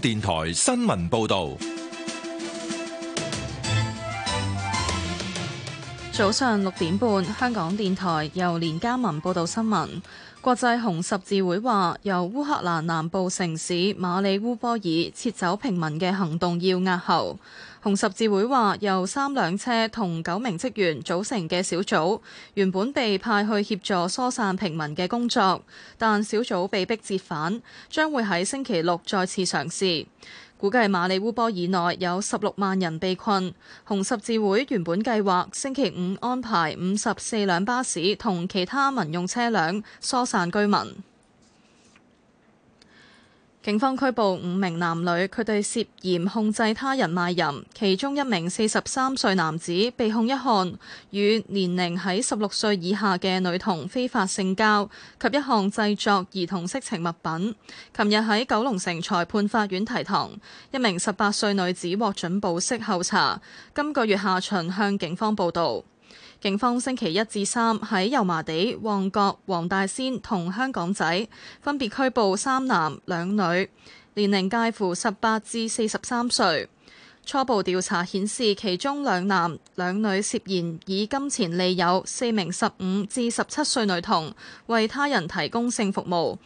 電台新聞報道。早上六點半，香港電台由連加文報道新聞。國際紅十字會話，由烏克蘭南部城市馬里烏波爾撤走平民嘅行動要押後。紅十字會話，由三輛車同九名職員組成嘅小組，原本被派去協助疏散平民嘅工作，但小組被迫折返，將會喺星期六再次嘗試。估計馬里烏波爾內有十六萬人被困，紅十字會原本計劃星期五安排五十四輛巴士同其他民用車輛疏散居民。警方拘捕五名男女，佢哋涉嫌控制他人賣淫。其中一名四十三歲男子被控一項與年齡喺十六歲以下嘅女童非法性交及一項製作兒童色情物品。琴日喺九龍城裁判法院提堂，一名十八歲女子獲准保釋候查，今個月下旬向警方報到。警方星期一至三喺油麻地、旺角、黃大仙同香港仔分別拘捕三男兩女，年齡介乎十八至四十三歲。初步調查顯示，其中兩男兩女涉嫌以金錢利誘四名十五至十七歲女童為他人提供性服務。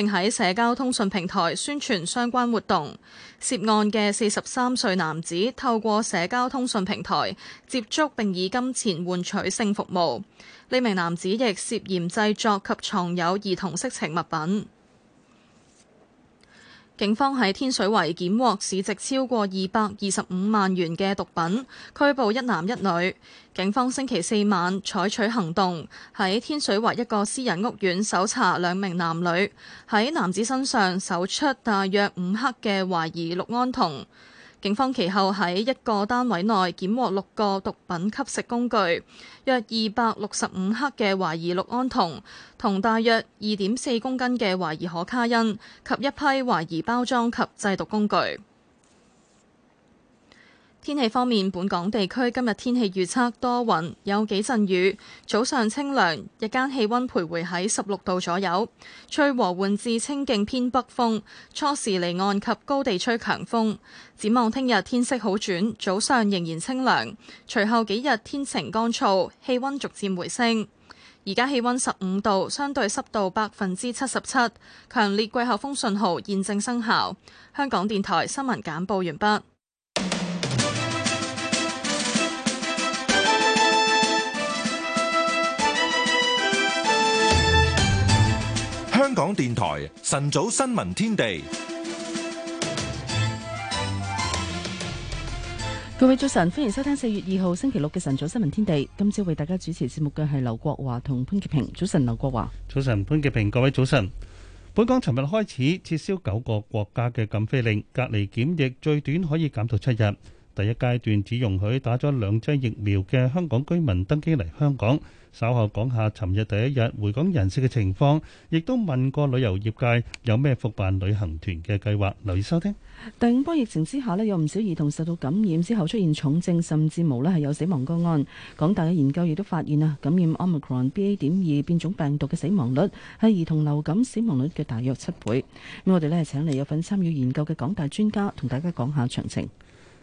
並喺社交通訊平台宣傳相關活動。涉案嘅四十三歲男子透過社交通訊平台接觸，並以金錢換取性服務。呢名男子亦涉嫌製作及藏有兒童色情物品。警方喺天水圍檢獲市值超過二百二十五萬元嘅毒品，拘捕一男一女。警方星期四晚採取行動，喺天水圍一個私人屋苑搜查兩名男女，喺男子身上搜出大約五克嘅懷疑氯胺酮。警方其後喺一個單位內檢獲六個毒品吸食工具，約二百六十五克嘅懷疑氯胺酮，同大約二點四公斤嘅懷疑可卡因，及一批懷疑包裝及製毒工具。天氣方面，本港地區今日天氣預測多雲，有幾陣雨，早上清涼，日間氣溫徘徊喺十六度左右，吹和緩至清勁偏北風，初時離岸及高地吹強風。展望聽日天色好轉，早上仍然清涼，隨後幾日天晴乾燥，氣溫逐漸回升。而家氣溫十五度，相對濕度百分之七十七，強烈季候風信號現正生效。香港電台新聞簡報完畢。香港電台晨早新聞天地，各位早晨，歡迎收聽四月二號星期六嘅晨早新聞天地。今朝為大家主持節目嘅係劉國華同潘潔平。早晨，劉國華。早晨，潘潔平。各位早晨。本港尋日開始撤銷九個國家嘅禁飛令，隔離檢疫最短可以減到七日。第一階段只容許打咗兩劑疫苗嘅香港居民登機嚟香港。稍後講下尋日第一日回港人士嘅情況，亦都問過旅遊業界有咩復辦旅行團嘅計劃。留意收聽。第五波疫情之下呢，有唔少兒童受到感染之後出現重症，甚至無呢係有死亡個案。港大嘅研究亦都發現啊，感染 Omicron BA. 點二變種病毒嘅死亡率係兒童流感死亡率嘅大約七倍。咁我哋呢，係請嚟有份參與研究嘅港大專家同大家講下詳情。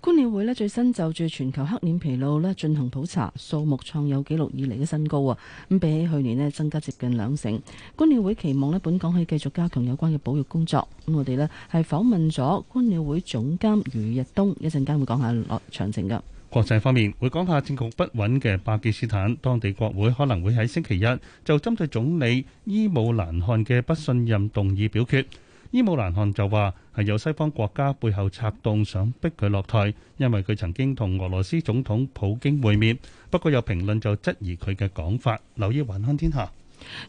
觀鳥會咧，最新就住全球黑臉琵鷺咧進行普查，數目創有紀錄以嚟嘅新高啊！咁比起去年咧，增加接近兩成。觀鳥會期望咧，本港可以繼續加強有關嘅保育工作。咁我哋咧係訪問咗觀鳥會總監余日東，一陣間會講下落詳情噶。國際方面，會講下政局不穩嘅巴基斯坦，當地國會可能會喺星期一就針對總理伊姆蘭汗嘅不信任動議表決。伊姆蘭汗就話，係有西方國家背後策動，想逼佢落台，因為佢曾經同俄羅斯總統普京會面。不過有評論就質疑佢嘅講法。留意環看天下。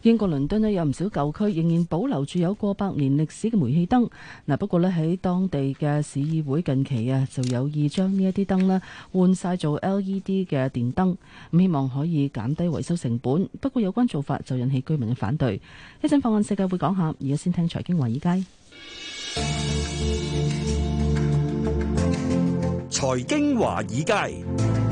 英國倫敦咧，有唔少舊區仍然保留住有過百年歷史嘅煤氣燈嗱，不過咧，喺當地嘅市議會近期啊，就有意將呢一啲燈咧，換晒做 LED 嘅電燈，咁希望可以減低維修成本。不過有關做法就引起居民嘅反對。一陣放眼世界會講下，而家先聽財經華爾街。財經華爾街。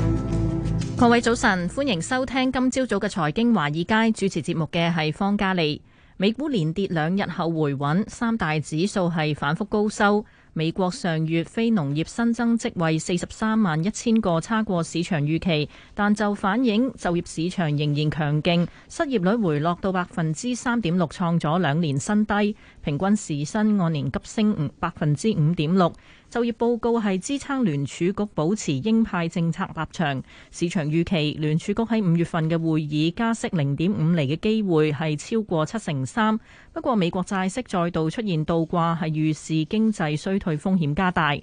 各位早晨，歡迎收聽今朝早嘅財經華爾街主持節目嘅係方嘉莉。美股連跌兩日後回穩，三大指數係反覆高收。美國上月非農業新增職位四十三萬一千個，差過市場預期，但就反映就業市場仍然強勁，失業率回落到百分之三點六，創咗兩年新低，平均時薪按年急升百分之五點六。就業報告係支撐聯儲局保持鷹派政策立場，市場預期聯儲局喺五月份嘅會議加息零點五厘嘅機會係超過七成三。不過，美國債息再度出現倒掛，係預示經濟衰退風險加大。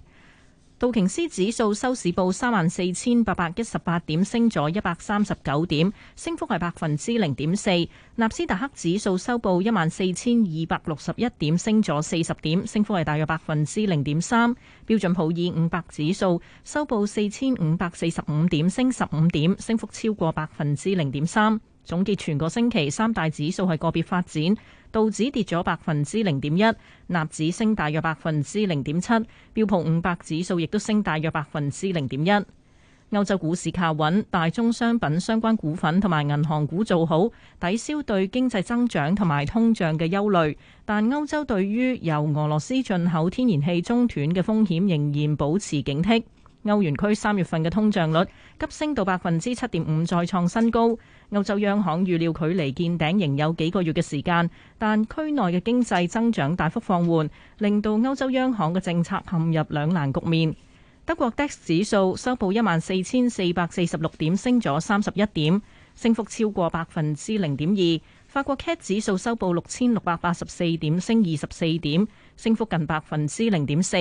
道瓊斯指數收市報三萬四千八百一十八點，升咗一百三十九點，升幅係百分之零點四。納斯達克指數收報一萬四千二百六十一點，升咗四十點，升幅係大約百分之零點三。標準普爾五百指數收報四千五百四十五點，升十五點，升幅超過百分之零點三。總結全個星期，三大指數係個別發展，道指跌咗百分之零點一，納指升大約百分之零點七，標普五百指數亦都升大約百分之零點一。歐洲股市靠穩，大宗商品相關股份同埋銀行股做好，抵消對經濟增長同埋通脹嘅憂慮。但歐洲對於由俄羅斯進口天然氣中斷嘅風險仍然保持警惕。歐元區三月份嘅通脹率急升到百分之七點五，再創新高。歐洲央行預料距離見頂仍有幾個月嘅時間，但區內嘅經濟增長大幅放緩，令到歐洲央行嘅政策陷入兩難局面。德國 DAX 指數收報一萬四千四百四十六點，升咗三十一點，升幅超過百分之零點二。法國 CAC 指數收報六千六百八十四點，升二十四點，升幅近百分之零點四。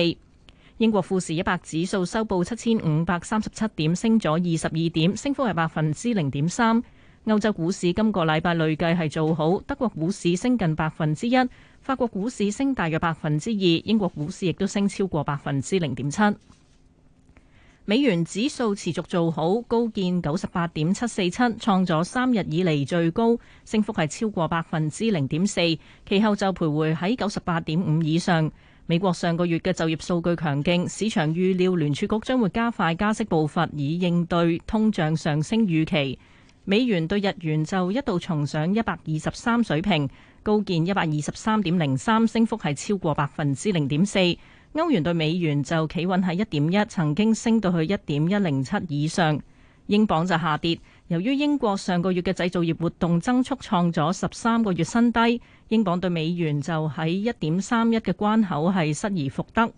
英國富時一百指數收報七千五百三十七點，升咗二十二點，升幅係百分之零點三。歐洲股市今個禮拜累計係做好，德國股市升近百分之一，法國股市升大約百分之二，英國股市亦都升超過百分之零點七。美元指數持續做好，高見九十八點七四七，創咗三日以嚟最高，升幅係超過百分之零點四。其後就徘徊喺九十八點五以上。美國上個月嘅就業數據強勁，市場預料聯儲局將會加快加息步伐，以應對通脹上升預期。美元對日元就一度重上一百二十三水平，高見一百二十三點零三，升幅係超過百分之零點四。歐元對美元就企穩喺一點一，曾經升到去一點一零七以上。英鎊就下跌，由於英國上個月嘅製造業活動增速創咗十三個月新低，英鎊對美元就喺一點三一嘅關口係失而復得。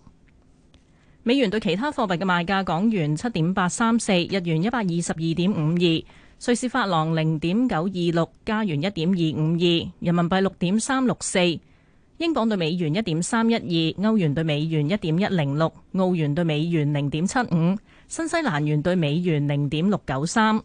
美元對其他貨幣嘅賣價，港元七點八三四，日元一百二十二點五二。瑞士法郎零點九二六，加元一點二五二，人民幣六點三六四，英鎊對美元一點三一二，歐元對美元一點一零六，澳元對美元零點七五，新西蘭元對美元零點六九三。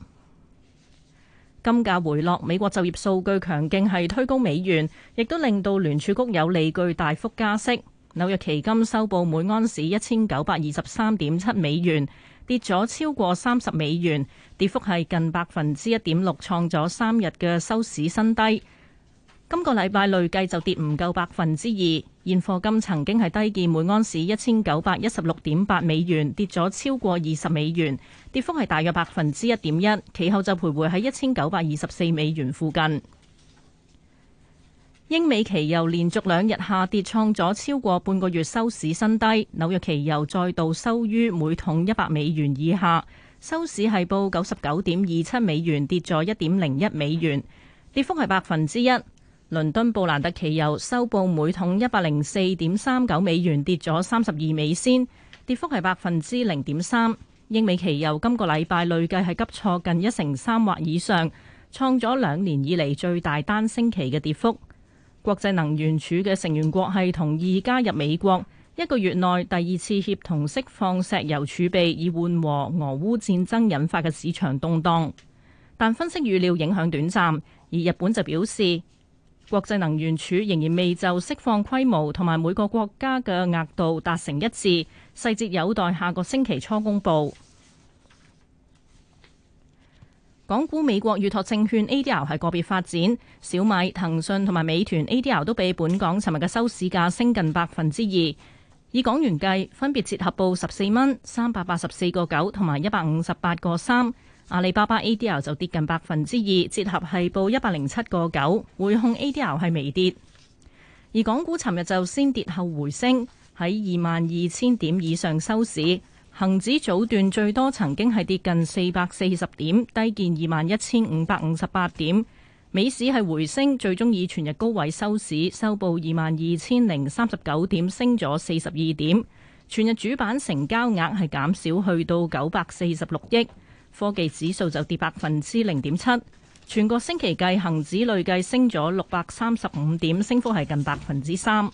金價回落，美國就業數據強勁，係推高美元，亦都令到聯儲局有理據大幅加息。紐約期金收報每安士一千九百二十三點七美元。跌咗超過三十美元，跌幅係近百分之一點六，創咗三日嘅收市新低。今個禮拜累計就跌唔夠百分之二。現貨金曾經係低見每盎士一千九百一十六點八美元，跌咗超過二十美元，跌幅係大約百分之一點一。其後就徘徊喺一千九百二十四美元附近。英美期油連續兩日下跌，創咗超過半個月收市新低。紐約期油再度收於每桶一百美元以下，收市係報九十九點二七美元，跌咗一點零一美元，跌幅係百分之一。倫敦布蘭特期油收報每桶一百零四點三九美元，跌咗三十二美仙，跌幅係百分之零點三。英美期油今個禮拜累計係急挫近一成三或以上，創咗兩年以嚟最大單星期嘅跌幅。國際能源署嘅成員國係同意加入美國一個月內第二次協同釋放石油儲備，以緩和俄烏戰爭引發嘅市場動盪。但分析預料影響短暫，而日本就表示國際能源署仍然未就釋放規模同埋每個國家嘅額度達成一致，細節有待下個星期初公布。港股、美國預託證券 ADR 係個別發展，小米、騰訊同埋美團 ADR 都比本港尋日嘅收市價升近百分之二，以港元計分別折合報十四蚊、三百八十四個九同埋一百五十八個三。阿里巴巴 ADR 就跌近百分之二，折合係報一百零七個九。匯控 ADR 係微跌，而港股尋日就先跌後回升，喺二萬二千點以上收市。恒指早段最多曾經係跌近四百四十點，低見二萬一千五百五十八點。美市係回升，最終以全日高位收市，收報二萬二千零三十九點，升咗四十二點。全日主板成交額係減少去到九百四十六億。科技指數就跌百分之零點七。全個星期計，恒指累計升咗六百三十五點，升幅係近百分之三。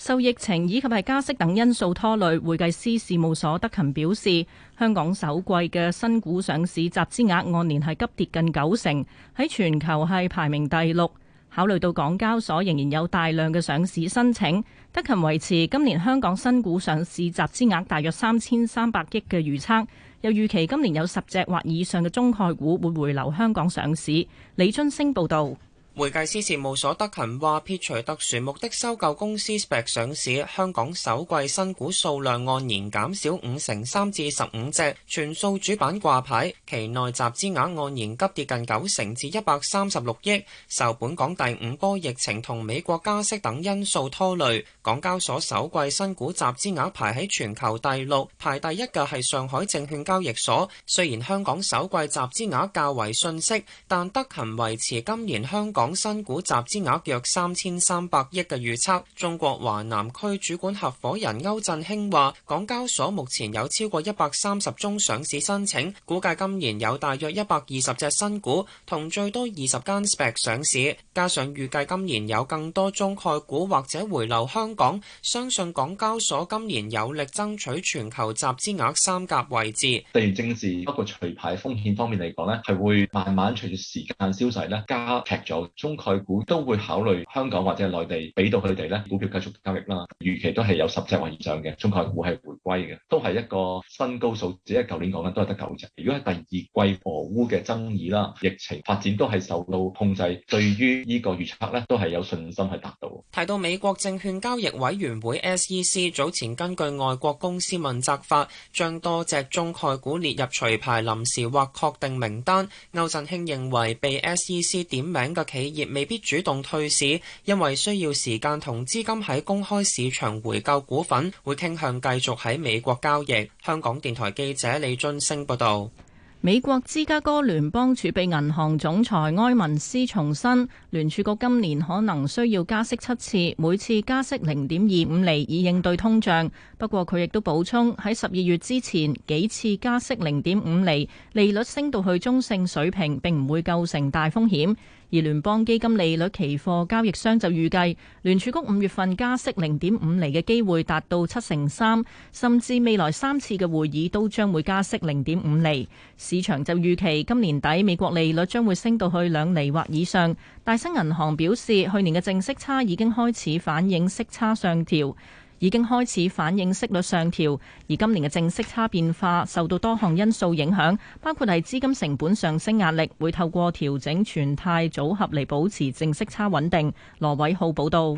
受疫情以及係加息等因素拖累，會計師事務所德勤表示，香港首季嘅新股上市集資額按年係急跌近九成，喺全球係排名第六。考慮到港交所仍然有大量嘅上市申請，德勤維持今年香港新股上市集資額大約三千三百億嘅預測，又預期今年有十隻或以上嘅中概股會回流香港上市。李津升報道。會計師事務所德勤話，撇除特殊目的收購公司 SPAC 上市，香港首季新股數量按年減少五成三至十五隻，全數主板掛牌，期內集資額按年急跌近九成至一百三十六億，受本港第五波疫情同美國加息等因素拖累。港交所首季新股集資額排喺全球第六，排第一嘅係上海證券交易所。雖然香港首季集資額較為遜色，但德勤維持今年香港新股集資額約三千三百億嘅預測，中國華南區主管合夥人歐振興話：港交所目前有超過一百三十宗上市申請，估計今年有大約一百二十隻新股同最多二十間 SPAC 上市，加上預計今年有更多中概股或者回流香港，相信港交所今年有力爭取全球集資額三甲位置。例如政治，不過除牌風險方面嚟講咧，係會慢慢隨住時間消逝咧，加劇咗。中概股都會考慮香港或者係內地俾到佢哋咧股票繼續交易啦，預期都係有十隻或以上嘅中概股係回歸嘅，都係一個新高數字，係舊年講緊都係得九隻，如果係第二季俄烏嘅爭議啦、疫情發展都係受到控制，對於呢個預測咧都係有信心去達到。提到美國證券交易委員會 SEC 早前根據外國公司問責法將多隻中概股列入除牌臨時或確定名單，歐振興認為被 SEC 點名嘅企。企業未必主動退市，因為需要時間同資金喺公開市場回購股份，會傾向繼續喺美國交易。香港電台記者李俊升報道，美國芝加哥聯邦儲備銀行總裁埃文斯重申，聯儲局今年可能需要加息七次，每次加息零點二五厘，以應對通脹。不過，佢亦都補充喺十二月之前幾次加息零點五厘，利率升到去中性水平，並唔會構成大風險。而聯邦基金利率期貨交易商就預計聯儲局五月份加息零點五厘嘅機會達到七成三，甚至未來三次嘅會議都將會加息零點五厘。市場就預期今年底美國利率將會升到去兩厘或以上。大新銀行表示，去年嘅淨息差已經開始反映息差上調。已經開始反映息率上調，而今年嘅正息差變化受到多項因素影響，包括係資金成本上升壓力，會透過調整全態組合嚟保持正息差穩定。羅偉浩報導。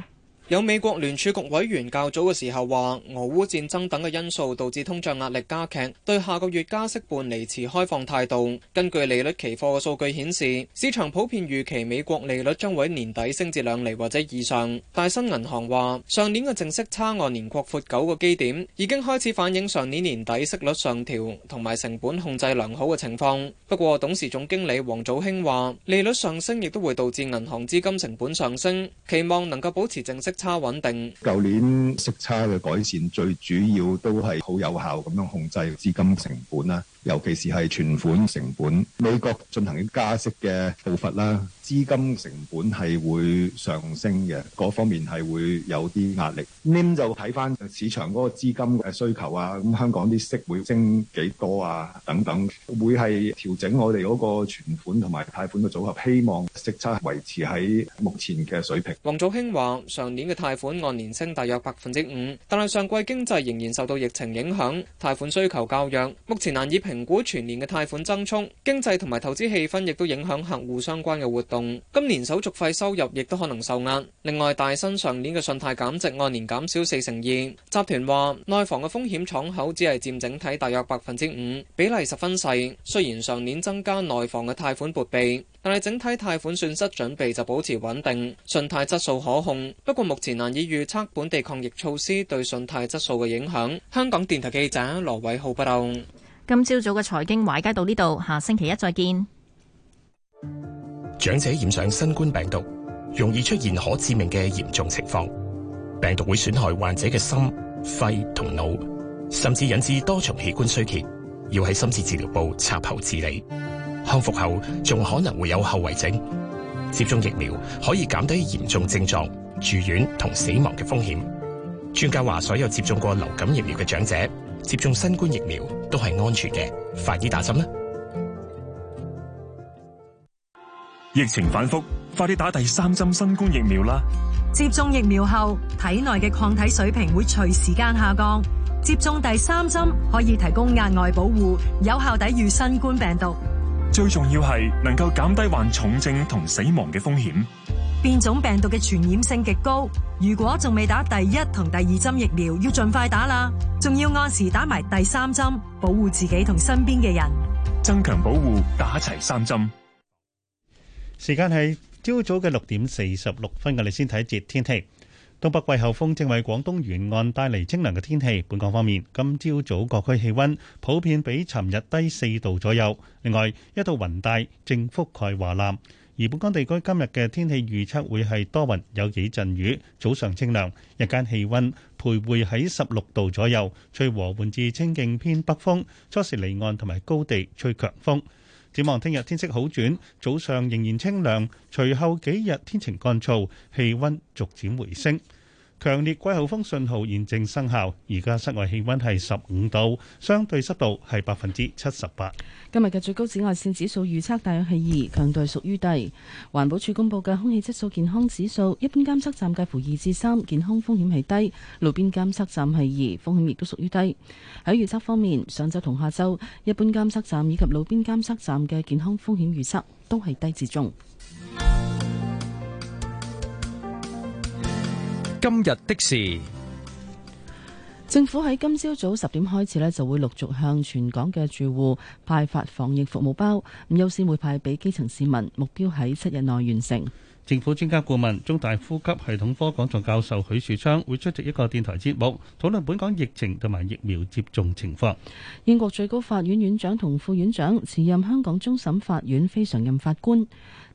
有美國聯儲局委員較早嘅時候話，俄烏戰爭等嘅因素導致通脹壓力加劇，對下個月加息半厘持開放態度。根據利率期貨嘅數據顯示，市場普遍預期美國利率將會喺年底升至兩厘或者以上。大新銀行話，上年嘅淨息差按年擴闊九個基點，已經開始反映上年年底息率上調同埋成本控制良好嘅情況。不過，董事總經理王祖興話，利率上升亦都會導致銀行資金成本上升，期望能夠保持淨息。差穩定，舊年息差嘅改善最主要都係好有效咁樣控制資金成本啦。尤其是係存款成本，美國進行加息嘅步伐啦，資金成本係會上升嘅，嗰方面係會有啲壓力。NIM 就睇翻市場嗰個資金嘅需求啊，咁香港啲息會升幾多啊？等等，會係調整我哋嗰個存款同埋貸款嘅組合，希望息差維持喺目前嘅水平。王祖興話：上年嘅貸款按年升大約百分之五，但係上季經濟仍然受到疫情影響，貸款需求較弱，目前難以平。評估全年嘅貸款增速，經濟同埋投資氣氛亦都影響客戶相關嘅活動。今年手續費收入亦都可能受壓。另外，大新上年嘅信貸減值按年減少四成二。集團話，內房嘅風險敞口只係佔整體大約百分之五，比例十分細。雖然上年增加內房嘅貸款撥備，但係整體貸款損失準備就保持穩定，信貸質素可控。不過目前難以預測本地抗疫措施對信貸質素嘅影響。香港電台記者羅偉浩報道。今朝早嘅財經懷街到呢度，下星期一再見。長者染上新冠病毒，容易出現可致命嘅嚴重情況，病毒會損害患者嘅心、肺同腦，甚至引致多重器官衰竭，要喺深切治療部插喉治理。康復後仲可能會有後遺症。接種疫苗可以減低嚴重症狀、住院同死亡嘅風險。專家話，所有接種過流感疫苗嘅長者。接種新冠疫苗都係安全嘅，快啲打針啦！疫情反覆，快啲打第三針新冠疫苗啦！接種疫苗後，體內嘅抗體水平會隨時間下降，接種第三針可以提供額外保護，有效抵禦新冠病毒。最重要係能夠減低患重症同死亡嘅風險。變種病毒嘅傳染性極高，如果仲未打第一同第二針疫苗，要盡快打啦。仲要按時打埋第三針，保護自己同身邊嘅人，增強保護，打齊三針。時間係朝早嘅六點四十六分，我哋先睇一節天氣。東北季候風正為廣東沿岸帶嚟清涼嘅天氣。本港方面，今朝早各區氣溫普遍比尋日低四度左右。另外，一道雲帶正覆蓋華南。而本港地區今日嘅天氣預測會係多雲有幾陣雨，早上清涼，日間氣溫徘徊喺十六度左右，吹和緩至清勁偏北風，初時離岸同埋高地吹強風，展望聽日天，天色好轉，早上仍然清涼，隨後幾日天晴乾燥，氣溫逐漸回升。強烈季候風信號現正生效，而家室外氣溫係十五度，相對濕度係百分之七十八。今日嘅最高紫外線指數預測大約係二，強度屬於低。環保署公布嘅空氣質素健康指數，一般監測站介乎二至三，健康風險係低；路邊監測站係二，風險亦都屬於低。喺預測方面，上晝同下晝，一般監測站以及路邊監測站嘅健康風險預測都係低至中。今日的事，政府喺今朝早十點開始咧，就會陸續向全港嘅住戶派發防疫服務包，咁優先會派俾基層市民，目標喺七日內完成。政府專家顧問、中大呼吸系統科講座教授許樹昌會出席一個電台節目，討論本港疫情同埋疫苗接種情況。英國最高法院院長同副院長，辭任香港終審法院非常任法官。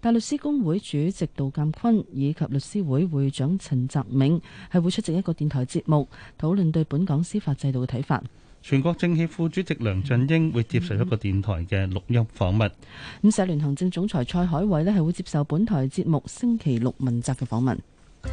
大律師公會主席杜鑒坤以及律師會會長陳澤銘係會出席一個電台節目，討論對本港司法制度嘅睇法。全國政協副主席梁振英會接受一個電台嘅錄音訪問。咁、嗯嗯、社聯行政總裁蔡海偉呢係會接受本台節目星期六問責嘅訪問。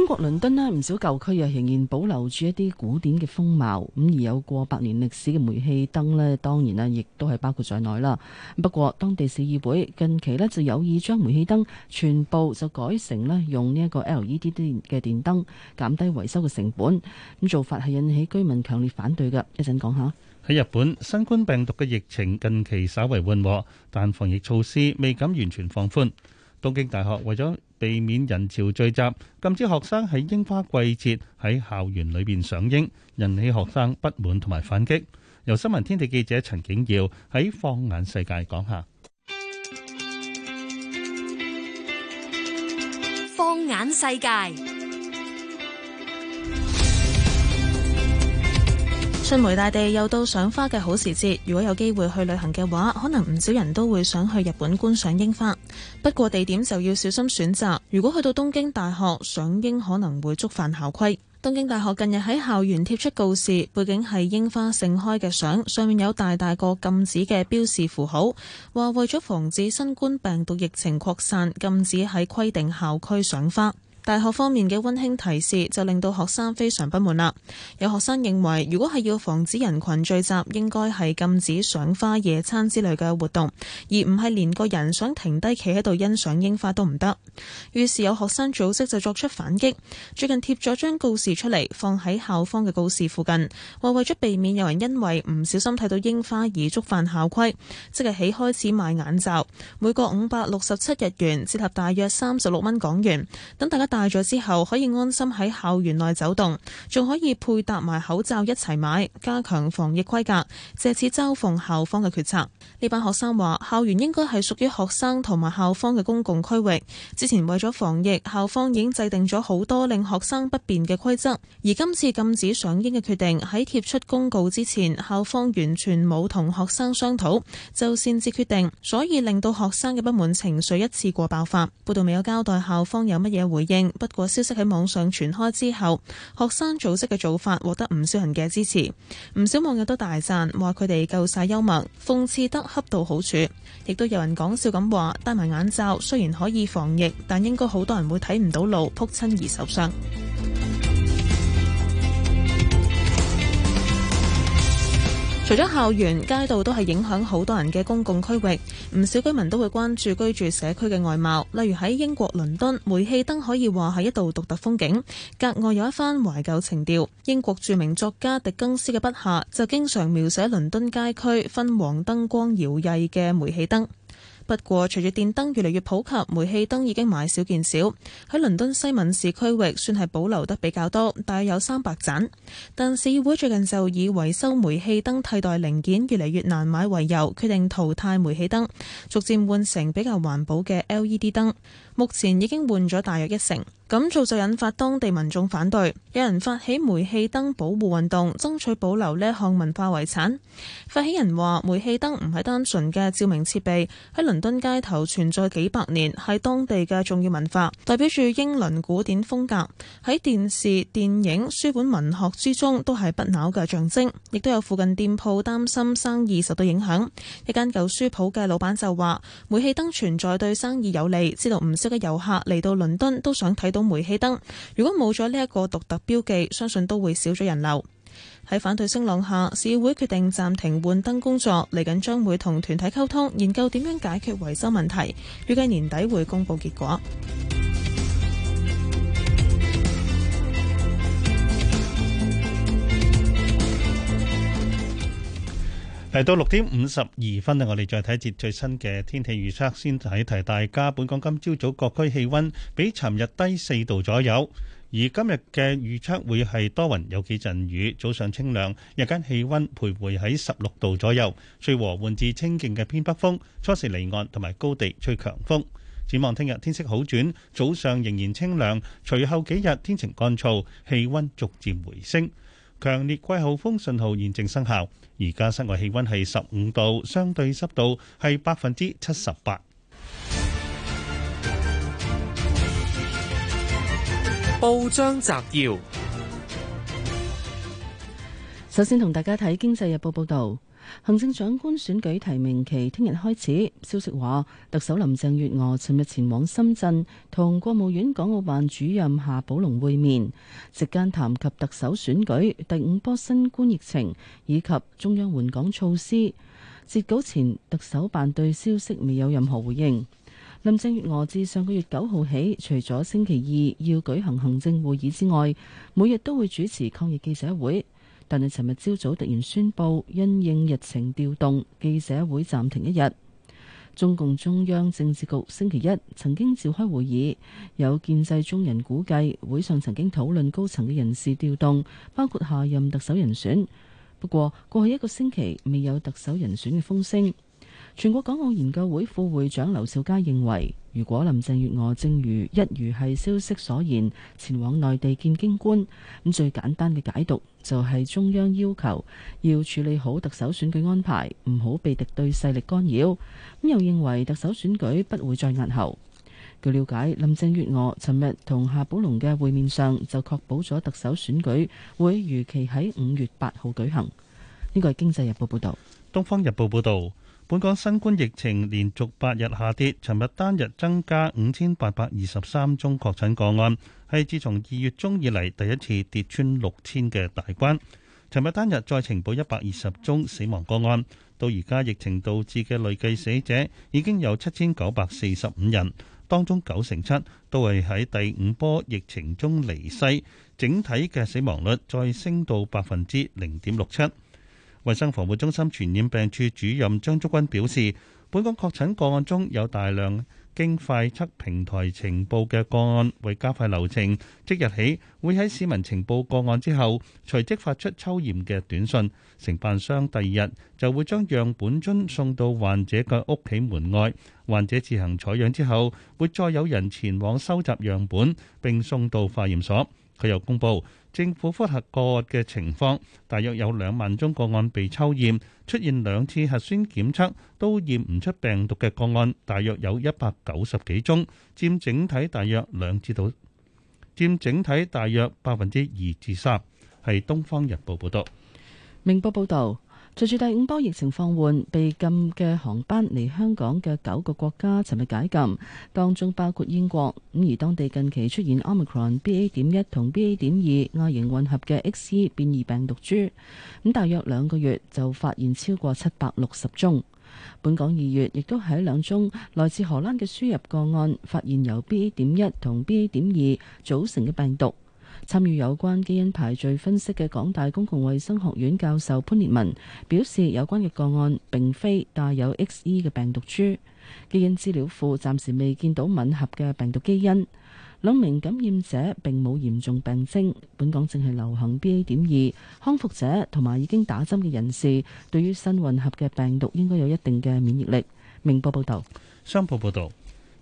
英國倫敦咧，唔少舊區又仍然保留住一啲古典嘅風貌，咁而有過百年歷史嘅煤氣燈咧，當然啦，亦都係包括在內啦。不過，當地市議會近期咧就有意將煤氣燈全部就改成咧用呢一個 LED 嘅電燈，減低維修嘅成本。咁做法係引起居民強烈反對噶。講一陣講下。喺日本，新冠病毒嘅疫情近期稍為緩和，但防疫措施未敢完全放寬。東京大學為咗避免人潮聚集，禁止學生喺櫻花季節喺校園裏邊賞櫻，引起學生不滿同埋反擊。由新聞天地記者陳景耀喺《放眼世界》講下《放眼世界》。春回大地又到賞花嘅好時節，如果有機會去旅行嘅話，可能唔少人都會想去日本觀賞櫻花。不過地點就要小心選擇，如果去到東京大學賞櫻，可能會觸犯校規。東京大學近日喺校園貼出告示，背景係櫻花盛開嘅相，上面有大大個禁止嘅標示符號，話為咗防止新冠病毒疫情擴散，禁止喺規定校區賞花。大學方面嘅溫馨提示就令到學生非常不滿啦。有學生認為，如果係要防止人群聚集，應該係禁止賞花野餐之類嘅活動，而唔係連個人想停低企喺度欣賞櫻花都唔得。於是有學生組織就作出反擊，最近貼咗張告示出嚟，放喺校方嘅告示附近，話為咗避免有人因為唔小心睇到櫻花而觸犯校規，即日起開始賣眼罩，每個五百六十七日元，折合大約三十六蚊港元，等大家。戴咗之後可以安心喺校園內走動，仲可以配搭埋口罩一齊買，加強防疫規格。借此嘲諷校方嘅決策。呢班學生話：校園應該係屬於學生同埋校方嘅公共區域。之前為咗防疫，校方已經制定咗好多令學生不便嘅規則。而今次禁止上英嘅決定喺貼出公告之前，校方完全冇同學生商討，就擅自決定，所以令到學生嘅不滿情緒一次過爆發。報道未有交代校方有乜嘢回應。不過消息喺網上傳開之後，學生組織嘅做法獲得唔少人嘅支持，唔少網友都大贊，話佢哋夠晒幽默，諷刺得恰到好處。亦都有人講笑咁話，戴埋眼罩雖然可以防疫，但應該好多人會睇唔到路，扑親而受傷。除咗校園，街道都係影響好多人嘅公共區域，唔少居民都會關注居住社區嘅外貌。例如喺英國倫敦，煤氣燈可以話係一道獨特風景，格外有一番懷舊情調。英國著名作家狄更斯嘅筆下就經常描寫倫敦街區昏黃燈光搖曳嘅煤氣燈。不過，隨住電燈越嚟越普及，煤氣燈已經買少見少。喺倫敦西敏市區域，算係保留得比較多，大約有三百盞。但市議會最近就以維修煤氣燈替代零件越嚟越難買為由，決定淘汰煤氣燈，逐漸換成比較環保嘅 LED 燈。目前已經換咗大約一成，咁做就引發當地民眾反對，有人發起煤氣燈保護運動，爭取保留呢項文化遺產。發起人話：煤氣燈唔係單純嘅照明設備，喺倫敦街頭存在幾百年，係當地嘅重要文化，代表住英倫古典風格，喺電視、電影、書本文學之中都係不朽嘅象徵。亦都有附近店鋪擔心生意受到影響。一間舊書鋪嘅老闆就話：煤氣燈存在對生意有利，知道唔少嘅遊客嚟到倫敦都想睇到煤氣燈。如果冇咗呢一個獨特標記，相信都會少咗人流。喺反對聲浪下，市議會決定暫停換燈工作，嚟緊將會同團體溝通，研究點樣解決維修問題，預計年底會公佈結果。嚟到六點五十二分啊！我哋再睇一節最新嘅天氣預測先，提一提大家。本港今朝早各區氣溫比尋日低四度左右，而今日嘅預測會係多雲，有幾陣雨，早上清涼，日間氣溫徘徊喺十六度左右，吹和緩至清勁嘅偏北風，初時離岸同埋高地吹強風。展望聽日天色好轉，早上仍然清涼，隨後幾日天晴乾燥，氣溫逐漸回升，強烈季候風信號現正生效。而家室外氣溫係十五度，相對濕度係百分之七十八。報章摘要，首先同大家睇《經濟日報》報導。行政長官選舉提名期聽日開始，消息話特首林鄭月娥尋日前往深圳同國務院港澳辦主任夏寶龍會面，席間談及特首選舉、第五波新冠疫情以及中央援港措施。截稿前，特首辦對消息未有任何回應。林鄭月娥自上個月九號起，除咗星期二要舉行行政會議之外，每日都會主持抗疫記者會。但係，尋日朝早突然宣布，因應日程調動，記者會暫停一日。中共中央政治局星期一曾經召開會議，有建制中人估計，會上曾經討論高層嘅人事調動，包括下任特首人選。不過，過去一個星期未有特首人選嘅風聲。全國港澳研究會副會長劉兆佳認為，如果林鄭月娥正如一如係消息所言前往內地見京官，咁最簡單嘅解讀就係中央要求要處理好特首選舉安排，唔好被敵對勢力干擾。咁又認為特首選舉不會再押後。據了解，林鄭月娥尋日同夏寶龍嘅會面上就確保咗特首選舉會如期喺五月八號舉行。呢個係《經濟日報》報道，《東方日報》報道。本港新冠疫情連續八日下跌，尋日單日增加五千八百二十三宗確診個案，係自從二月中以嚟第一次跌穿六千嘅大關。尋日單日再呈報一百二十宗死亡個案，到而家疫情導致嘅累計死者已經有七千九百四十五人，當中九成七都係喺第五波疫情中離世，整體嘅死亡率再升到百分之零點六七。衛生防護中心傳染病處主任張竹君表示，本港確診個案中有大量經快測平台情報嘅個案，為加快流程，即日起會喺市民情報個案之後，隨即發出抽驗嘅短信，承辦商第二日就會將樣本樽送到患者嘅屋企門外，患者自行採樣之後，會再有人前往收集樣本，並送到化驗所。佢又公布。政府覆核個案嘅情況，大約有兩萬宗個案被抽驗，出現兩次核酸檢測都驗唔出病毒嘅個案，大約有一百九十幾宗，佔整體大約兩至到佔整體大約百分之二至三，係《東方日報》報道，《明報》報道。隨住第五波疫情放緩，被禁嘅航班嚟香港嘅九個國家尋日解禁，當中包括英國。咁而當地近期出現 Omicron BA. 點一同 BA. 點二外型混合嘅 XE 變異病毒株，咁大約兩個月就發現超過七百六十宗。本港二月亦都喺兩宗來自荷蘭嘅輸入個案，發現由 BA. 點一同 BA. 點二組成嘅病毒。參與有關基因排序分析嘅港大公共衛生學院教授潘烈文表示，有關嘅個案並非帶有 XE 嘅病毒株，基因資料庫暫時未見到吻合嘅病毒基因。兩名感染者並冇嚴重病徵，本港正係流行 BA 點二。康復者同埋已經打針嘅人士，對於新混合嘅病毒應該有一定嘅免疫力。明報報道，商報報道。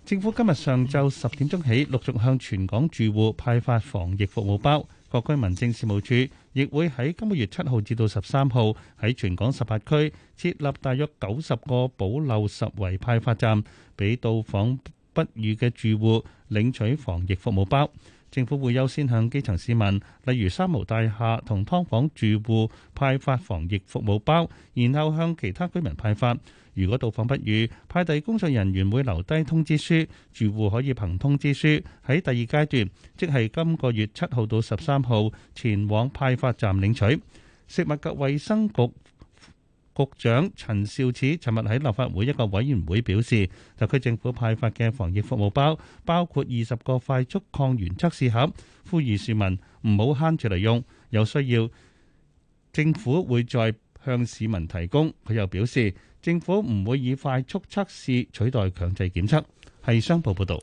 政府今日上晝十點鐘起，陸續向全港住戶派發防疫服務包。各區民政事務處亦會喺今個月七號至到十三號，喺全港十八區設立大約九十個保留十圍派發站，俾到訪不遇嘅住戶領取防疫服務包。政府會優先向基層市民，例如三無大廈同劏房住戶派發防疫服務包，然後向其他居民派發。如果到訪不遇，派遞工作人員會留低通知書，住戶可以憑通知書喺第二階段，即係今個月七號到十三號前往派發站領取。食物及衛生局局長陳肇始，尋日喺立法會一個委員會表示，特區政府派發嘅防疫服務包包括二十個快速抗原測試盒，呼籲市民唔好慳住嚟用，有需要政府會再向市民提供。佢又表示。政府唔會以快速測試取代強制檢測，係商報報道。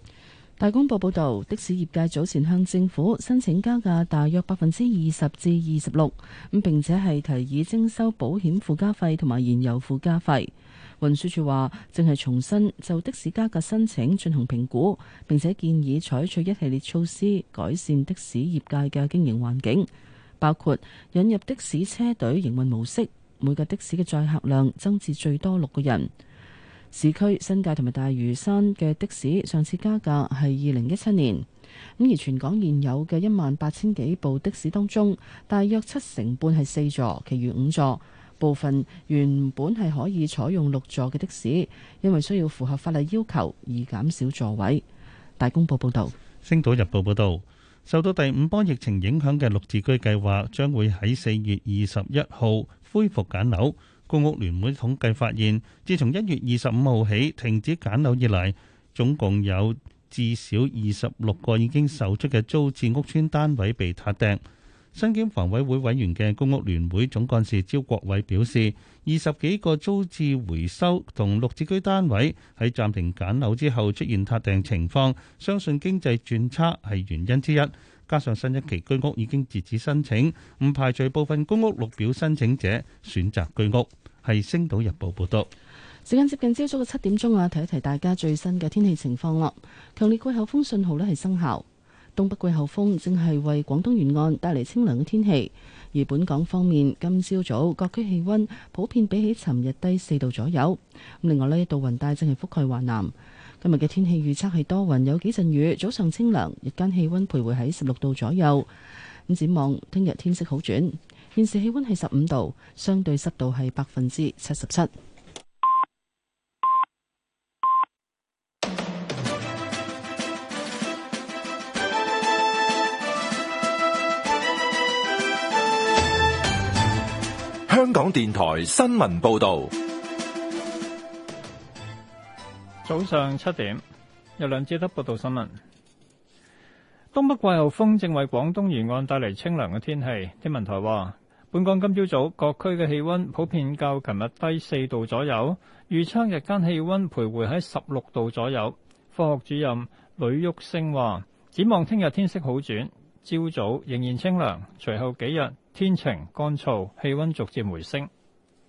大公報報道，的士業界早前向政府申請加價大約百分之二十至二十六，咁並且係提議徵收保險附加費同埋燃油附加費。運輸署話正係重申就的士加價申請進行評估，並且建議採取一系列措施改善的士業界嘅經營環境，包括引入的士車隊營運模式。每個的士嘅載客量增至最多六個人。市區、新界同埋大嶼山嘅的，的士上次加價係二零一七年。咁而全港現有嘅一萬八千幾部的士當中，大約七成半係四座，其餘五座部分原本係可以採用六座嘅的，的士，因為需要符合法例要求而減少座位。大公報報道，《星島日報》報道，受到第五波疫情影響嘅綠置居計劃將會喺四月二十一號。恢復揀樓，公屋聯會統計發現，自從一月二十五號起停止揀樓以嚟，總共有至少二十六個已經售出嘅租置屋邨單位被塌訂。身兼房委會委員嘅公屋聯會總幹事招國偉表示，二十幾個租置回收同綠置居單位喺暫停揀樓之後出現塌訂情況，相信經濟轉差係原因之一。加上新一期居屋已經截止申請，唔排除部分公屋綠表申請者選擇居屋。係《星島日報》報道。時間接近朝早嘅七點鐘啊，提一提大家最新嘅天氣情況咯。強烈季候風信號咧係生效，東北季候風正係為廣東沿岸帶嚟清涼嘅天氣，而本港方面今朝早各區氣温普遍比起尋日低四度左右。另外呢一道雲帶正係覆蓋華南。今日嘅天氣預測係多雲，有幾陣雨，早上清涼，日間氣温徘徊喺十六度左右。咁展望聽日天色好轉，現時氣温係十五度，相對濕度係百分之七十七。香港電台新聞報道。早上七點，有梁志德報道新聞。東北季候風正為廣東沿岸帶嚟清涼嘅天氣。天文台話，本港今朝早,早各區嘅氣温普遍較琴日低四度左右，預測日間氣温徘徊喺十六度左右。科學主任呂玉星話：，展望聽日天,天色好轉，朝早仍然清涼，隨後幾日天晴乾燥，氣温逐漸回升。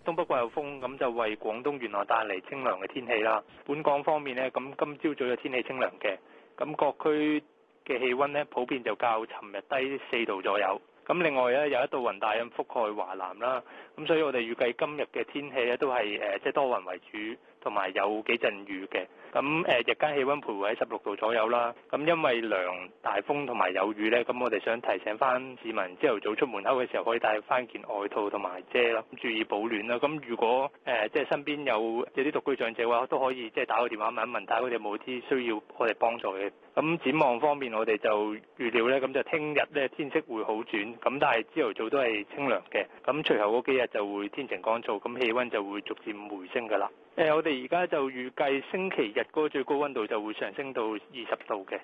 東北季候風，咁就為廣東沿岸帶嚟清涼嘅天氣啦。本港方面呢，咁今朝早嘅天氣清涼嘅，咁各區嘅氣溫呢，普遍就較尋日低四度左右。咁另外咧，有一道雲帶陰覆蓋華南啦。咁所以我哋預計今日嘅天氣咧都係誒即係多雲為主，同埋有有幾陣雨嘅。咁誒日間氣温徘徊喺十六度左右啦。咁因為涼大風同埋有雨咧，咁我哋想提醒翻市民，朝頭早出門口嘅時候可以帶翻件外套同埋遮啦，注意保暖啦。咁如果誒即係身邊有有啲獨居長者嘅話都可以即係打個電話問問問一問，睇佢哋有冇啲需要我哋幫助嘅。咁展望方面，我哋就預料咧，咁就聽日咧天色會好轉，咁但係朝頭早都係清涼嘅。咁隨後嗰幾日。就會天晴乾燥，咁氣温就會逐漸回升㗎啦。誒，我哋而家就預計星期日嗰個最高温度就會上升到二十度嘅。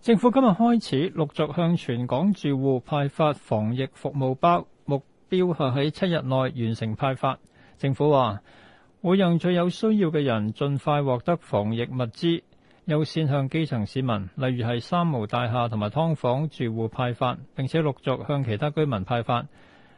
政府今日開始陸續向全港住戶派發防疫服務包，目標係喺七日內完成派發。政府話會讓最有需要嘅人盡快獲得防疫物資，優先向基層市民，例如係三無大廈同埋劏房住戶派發，並且陸續向其他居民派發。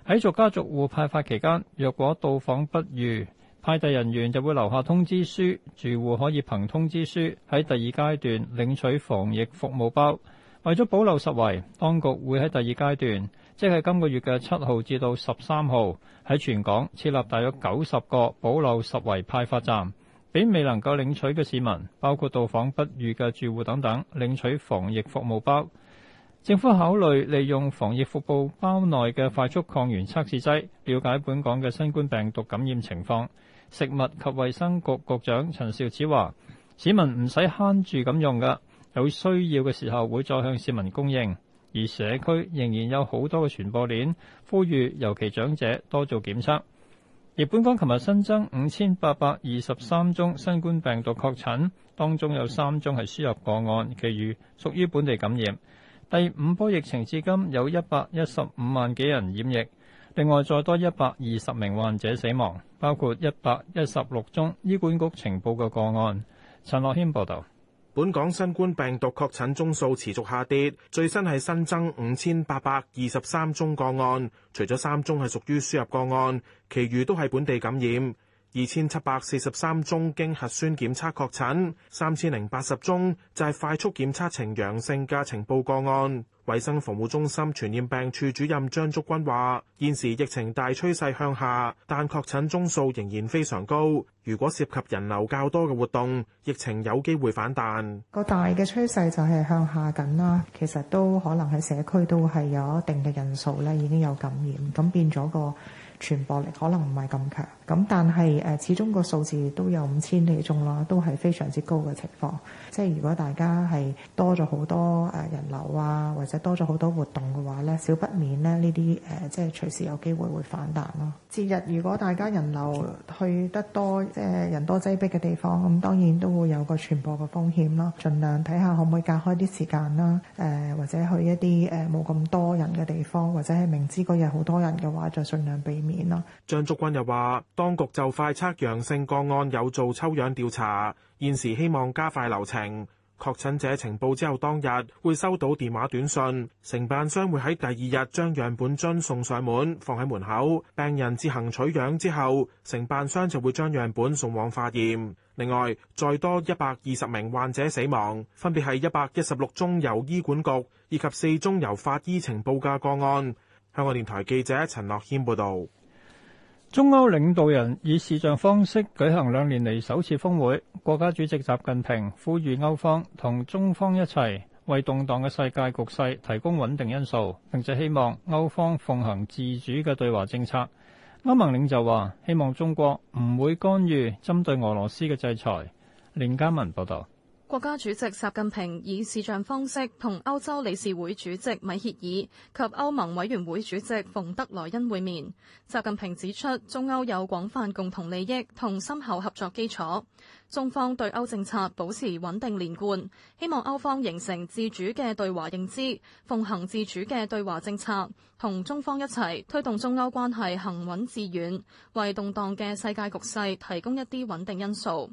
喺逐家逐戶派發期間，若果到訪不遇，派遞人員就會留下通知書，住戶可以憑通知書喺第二階段領取防疫服務包。為咗補漏拾遺，當局會喺第二階段，即係今個月嘅七號至到十三號，喺全港設立大約九十個補漏拾遺派發站，俾未能夠領取嘅市民，包括到訪不遇嘅住戶等等，領取防疫服務包。政府考慮利用防疫服務包內嘅快速抗原測試劑，了解本港嘅新冠病毒感染情況。食物及衞生局局長陳肇始話，市民唔使慳住咁用㗎，有需要嘅時候會再向市民供應。而社區仍然有好多嘅傳播鏈，呼籲尤其長者多做檢測。而本港琴日新增五千八百二十三宗新冠病毒確診，當中有三宗係輸入個案，其餘屬於本地感染。第五波疫情至今有一百一十五萬幾人染疫，另外再多一百二十名患者死亡，包括一百一十六宗醫管局呈報嘅個案。陳樂謙報道，本港新冠病毒確診宗數持續下跌，最新係新增五千八百二十三宗個案，除咗三宗係屬於輸入個案，其餘都係本地感染。二千七百四十三宗經核酸檢測確診，三千零八十宗就係快速檢測呈陽性嘅呈報個案。衞生服務中心傳染病處主任張竹君話：現時疫情大趨勢向下，但確診宗數仍然非常高。如果涉及人流較多嘅活動，疫情有機會反彈。個大嘅趨勢就係向下緊啦，其實都可能喺社區都係有一定嘅人數咧，已經有感染，咁變咗個。傳播力可能唔係咁強，咁但係誒，始終個數字都有五千幾宗啦，都係非常之高嘅情況。即係如果大家係多咗好多誒人流啊，或者多咗好多活動嘅話呢，少不免呢呢啲誒即係隨時有機會會反彈咯。節日如果大家人流去得多，即係人多擠逼嘅地方，咁當然都會有個傳播嘅風險咯。盡量睇下可唔可以隔開啲時間啦，誒或者去一啲誒冇咁多人嘅地方，或者係明知嗰日好多人嘅話，就盡量避免。張竹君又話，當局就快測陽性個案有做抽樣調查，現時希望加快流程。確診者呈報之後，當日會收到電話短信，承辦商會喺第二日將樣本樽送上門，放喺門口。病人自行取樣之後，承辦商就會將樣本送往化驗。另外，再多一百二十名患者死亡，分別係一百一十六宗由醫管局以及四宗由法醫呈報嘅個案。香港電台記者陳樂軒報導。中歐領導人以視像方式舉行兩年嚟首次峰會，國家主席習近平呼籲歐方同中方一齊為動盪嘅世界局勢提供穩定因素，並且希望歐方奉行自主嘅對華政策。歐盟領袖話希望中國唔會干預針對俄羅斯嘅制裁。連加文報導。國家主席習近平以視像方式同歐洲理事會主席米歇爾及歐盟委員會主席馮德萊恩會面。習近平指出，中歐有廣泛共同利益同深厚合作基礎，中方對歐政策保持穩定連貫，希望歐方形成自主嘅對華認知，奉行自主嘅對華政策，同中方一齊推動中歐關係行穩致遠，為動盪嘅世界局勢提供一啲穩定因素。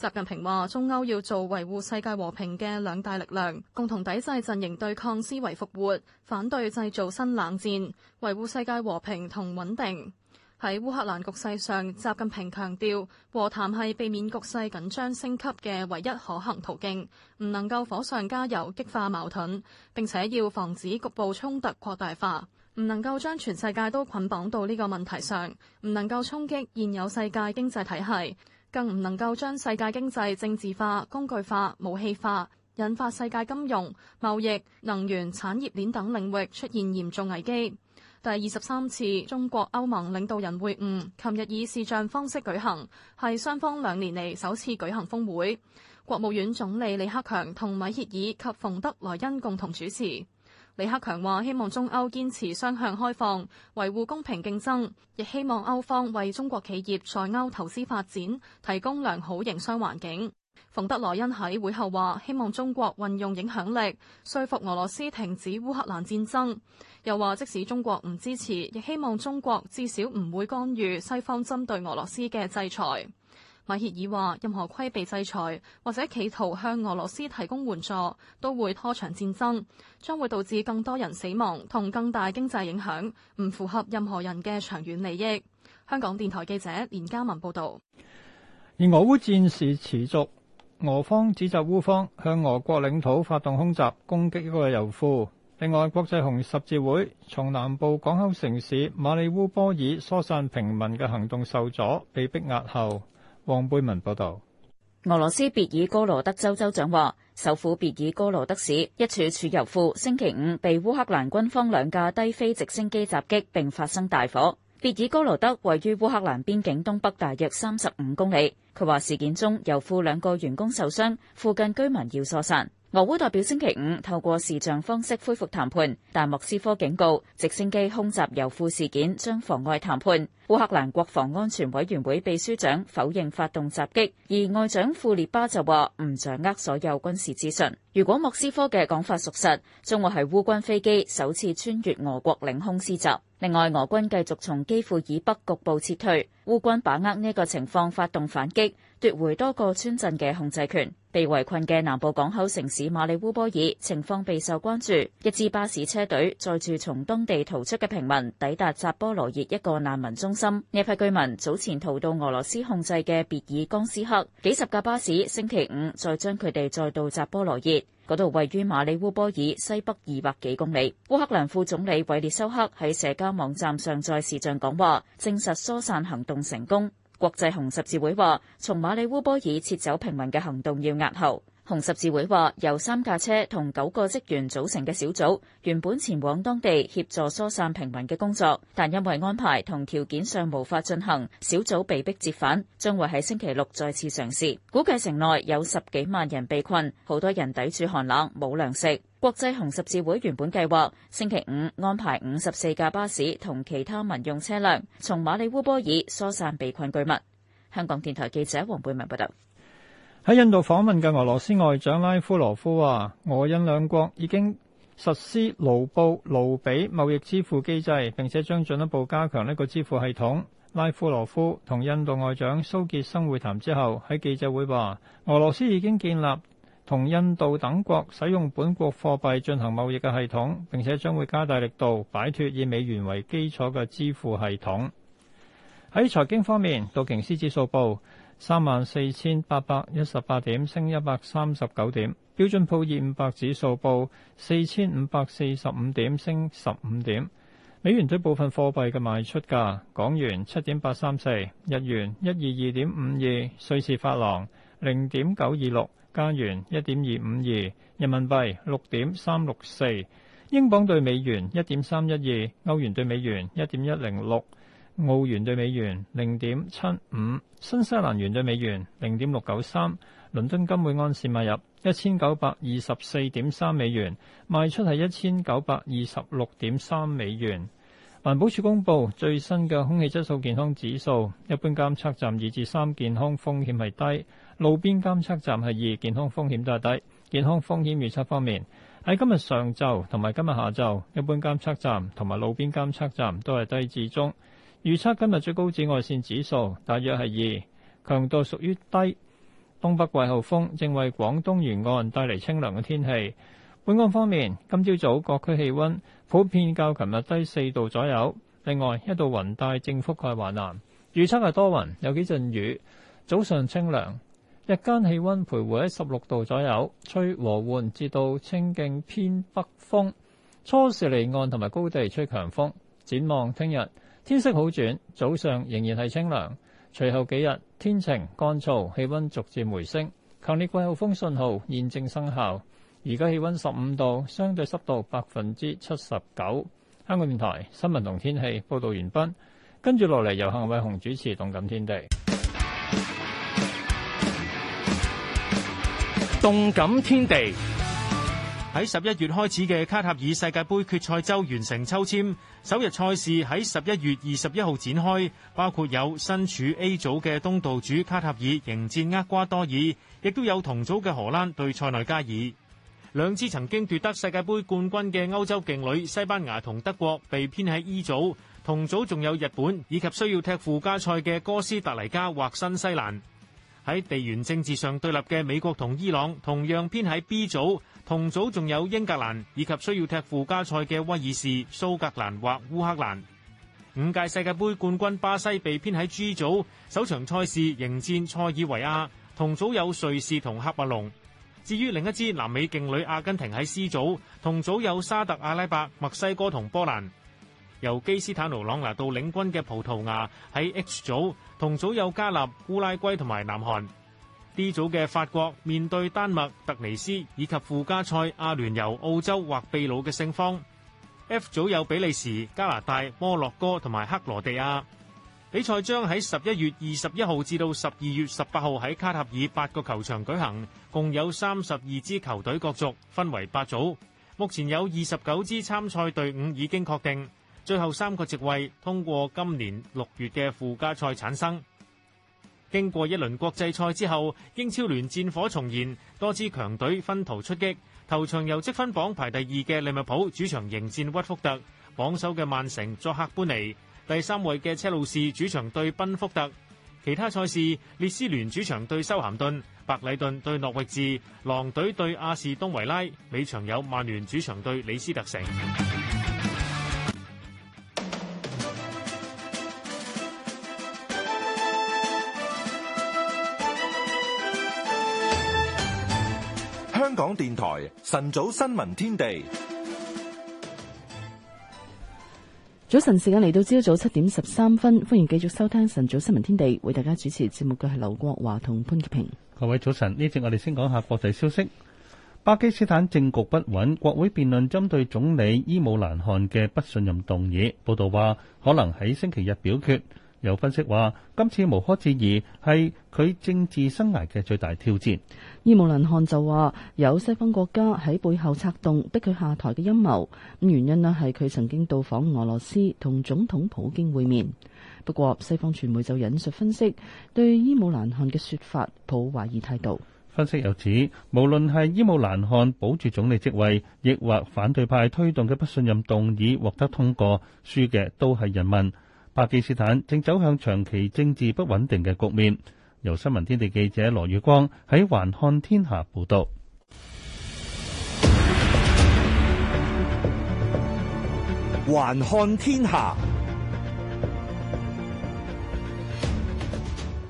習近平話：中歐要做維護世界和平嘅兩大力量，共同抵制陣營對抗思維復活，反對製造新冷戰，維護世界和平同穩定。喺烏克蘭局勢上，習近平強調和談係避免局勢緊張升級嘅唯一可行途徑，唔能夠火上加油激化矛盾，並且要防止局部衝突擴大化，唔能夠將全世界都捆綁到呢個問題上，唔能夠衝擊現有世界經濟體系。更唔能夠將世界經濟政治化、工具化、武器化，引發世界金融、貿易、能源、產業鏈等領域出現嚴重危機。第二十三次中國歐盟領導人會晤，琴日以視像方式舉行，係雙方兩年嚟首次舉行峰會。國務院總理李克強同米歇爾及馮德萊恩共同主持。李克強話：希望中歐堅持雙向開放，維護公平競爭，亦希望歐方為中國企業在歐投資發展提供良好營商環境。馮德萊恩喺會後話：希望中國運用影響力說服俄羅斯停止烏克蘭戰爭，又話即使中國唔支持，亦希望中國至少唔會干預西方針對俄羅斯嘅制裁。米歇爾話，任何規避制裁或者企圖向俄羅斯提供援助，都會拖長戰爭，將會導致更多人死亡同更大經濟影響，唔符合任何人嘅長遠利益。香港電台記者連家文報道。而俄烏戰事持續，俄方指責烏方向俄國領土發動空襲，攻擊一個油庫。另外，國際紅十字會從南部港口城市馬里烏波爾疏散平民嘅行動受阻，被逼押後。王貝文報道，俄羅斯別爾哥羅德州州長話，首府別爾哥羅德市一處儲油庫星期五被烏克蘭軍方兩架低飛直升機襲擊，並發生大火。別爾哥羅德位於烏克蘭邊境東北，大約三十五公里。佢話事件中油庫兩個員工受傷，附近居民要疏散。俄烏代表星期五透過視像方式恢復談判，但莫斯科警告直升機空襲油庫事件將妨礙談判。烏克蘭國防安全委員會秘書長否認發動襲擊，而外長庫列巴就話唔掌握所有軍事資訊。如果莫斯科嘅講法屬實，將會係烏軍飛機首次穿越俄國領空施襲。另外，俄軍繼續從基輔以北局部撤退。烏軍把握呢個情況發動反擊，奪回多個村鎮嘅控制權。被圍困嘅南部港口城市馬里烏波爾情況備受關注。一支巴士車隊載住從當地逃出嘅平民，抵達扎波羅熱一個難民中心。呢批居民早前逃到俄羅斯控制嘅別爾江斯克，幾十架巴士星期五再將佢哋載到扎波羅熱，嗰度位於馬里烏波爾西北二百幾公里。烏克蘭副總理韋列修克喺社交網站上載視像講話，證實疏散行動。成功！國際紅十字會話，從馬里烏波爾撤走平民嘅行動要押後。紅十字會話，由三架車同九個職員組成嘅小組，原本前往當地協助疏散平民嘅工作，但因為安排同條件上無法進行，小組被迫折返，將會喺星期六再次嘗試。估計城內有十幾萬人被困，好多人抵住寒冷冇糧食。國際紅十字會原本計劃星期五安排五十四架巴士同其他民用車輛，從馬里烏波爾疏散被困居民。香港電台記者黃貝文報道。喺印度訪問嘅俄羅斯外長拉夫羅夫話：俄印兩國已經實施盧布盧比貿易支付機制，並且將進一步加強呢個支付系統。拉夫羅夫同印度外長蘇傑生會談之後，喺記者會話：俄羅斯已經建立同印度等國使用本國貨幣進行貿易嘅系統，並且將會加大力度擺脫以美元為基礎嘅支付系統。喺財經方面，道瓊斯指數報。三萬四千八百一十八點，升一百三十九點。標準普爾五百指數報四千五百四十五點，升十五點。美元對部分貨幣嘅賣出價：港元七點八三四，日元一二二點五二，瑞士法郎零點九二六，加元一點二五二，人民幣六點三六四，英鎊對美元一點三一二，歐元對美元一點一零六。澳元兌美元零點七五，新西蘭元兌美元零點六九三。倫敦金每安士買入一千九百二十四點三美元，賣出係一千九百二十六點三美元。環保署公布最新嘅空氣質素健康指數，一般監測站二至三，健康風險係低；路邊監測站係二，健康風險都係低。健康風險預測方面，喺今日上晝同埋今日下晝，一般監測站同埋路邊監測站都係低至中。預測今日最高紫外線指數大約係二，強度屬於低。東北季候風正為廣東沿岸帶嚟清涼嘅天氣。本港方面，今朝早各區氣溫普遍較琴日低四度左右。另外，一道雲帶正覆蓋華南，預測係多雲，有幾陣雨。早上清涼，日間氣溫徘徊喺十六度左右，吹和緩至到清勁偏北風。初時離岸同埋高地吹強風。展望聽日。天色好轉，早上仍然係清涼。隨後幾日天晴乾燥，氣溫逐漸回升。強烈季候風信號現正生效。而家氣溫十五度，相對濕度百分之七十九。香港電台新聞同天氣報道完畢。跟住落嚟由向偉雄主持《動感天地》。《動感天地》喺十一月開始嘅卡塔爾世界杯決賽周完成抽籤，首日賽事喺十一月二十一號展開，包括有身處 A 組嘅東道主卡塔爾迎戰厄瓜多爾，亦都有同組嘅荷蘭對塞內加爾。兩支曾經奪得世界盃冠軍嘅歐洲勁旅西班牙同德國被編喺 E 組，同組仲有日本以及需要踢附加賽嘅哥斯達黎加或新西蘭。喺地緣政治上對立嘅美國同伊朗同樣編喺 B 組。同組仲有英格蘭以及需要踢附加賽嘅威爾士、蘇格蘭或烏克蘭。五屆世界盃冠軍巴西被編喺 G 組，首場賽事迎戰塞爾維亞。同組有瑞士同喀麥隆。至於另一支南美勁旅阿根廷喺 C 組，同組有沙特阿拉伯、墨西哥同波蘭。由基斯坦奴朗拿度領軍嘅葡萄牙喺 H 組，同組有加納、烏拉圭同埋南韓。B 組嘅法國面對丹麥、特尼斯以及附加賽阿聯酋、澳洲或秘魯嘅勝方。F 組有比利時、加拿大、摩洛哥同埋克羅地亞。比賽將喺十一月二十一號至到十二月十八號喺卡塔爾八個球場舉行，共有三十二支球隊角逐，分為八組。目前有二十九支參賽隊伍已經確定，最後三個席位通過今年六月嘅附加賽產生。經過一輪國際賽之後，英超聯戰火重燃，多支強隊分途出擊。頭場由積分榜排第二嘅利物浦主場迎戰屈福特，榜首嘅曼城作客般尼，第三位嘅車路士主場對賓福特。其他賽事，列斯聯主場對修咸頓，白禮頓對諾域治，狼隊對阿士東維拉。尾場有曼聯主場對李斯特城。港電台晨早新聞天地，早晨時間嚟到，朝早七點十三分，歡迎繼續收聽晨早新聞天地，為大家主持節目嘅係劉國華同潘潔平。各位早晨，呢節我哋先講下國際消息。巴基斯坦政局不穩，國會辯論針對總理伊姆蘭汗嘅不信任動議，報道話可能喺星期日表決。有分析話，今次無可置疑係佢政治生涯嘅最大挑戰。伊姆蘭汗就話有西方國家喺背後策動逼佢下台嘅陰謀，原因呢係佢曾經到訪俄羅斯同總統普京會面。不過西方傳媒就引述分析，對伊姆蘭汗嘅說法抱懷疑態度。分析又指，無論係伊姆蘭汗保住總理職位，亦或反對派推動嘅不信任動議獲得通過，輸嘅都係人民。巴基斯坦正走向長期政治不穩定嘅局面。由新聞天地記者羅宇光喺環看天下報道。環看天下，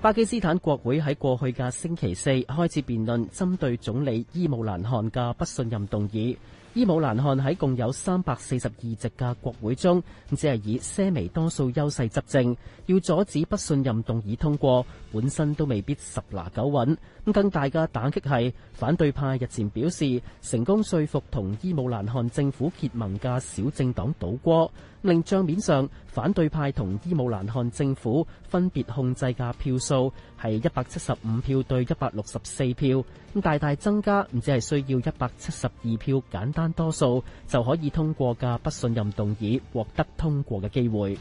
巴基斯坦國會喺過去嘅星期四開始辯論針對總理伊姆蘭汗嘅不信任動議。伊姆蘭汗喺共有三百四十二席嘅國會中，只係以些微多數優勢執政，要阻止不信任動議通過。本身都未必十拿九穩，咁更大嘅打擊，係反對派日前表示成功說服同伊姆蘭汗政府結盟嘅小政黨倒戈，令賬面上反對派同伊姆蘭汗政府分別控制嘅票數，係一百七十五票對一百六十四票，咁大大增加唔止係需要一百七十二票簡單多數就可以通過嘅不信任動議獲得通過嘅機會。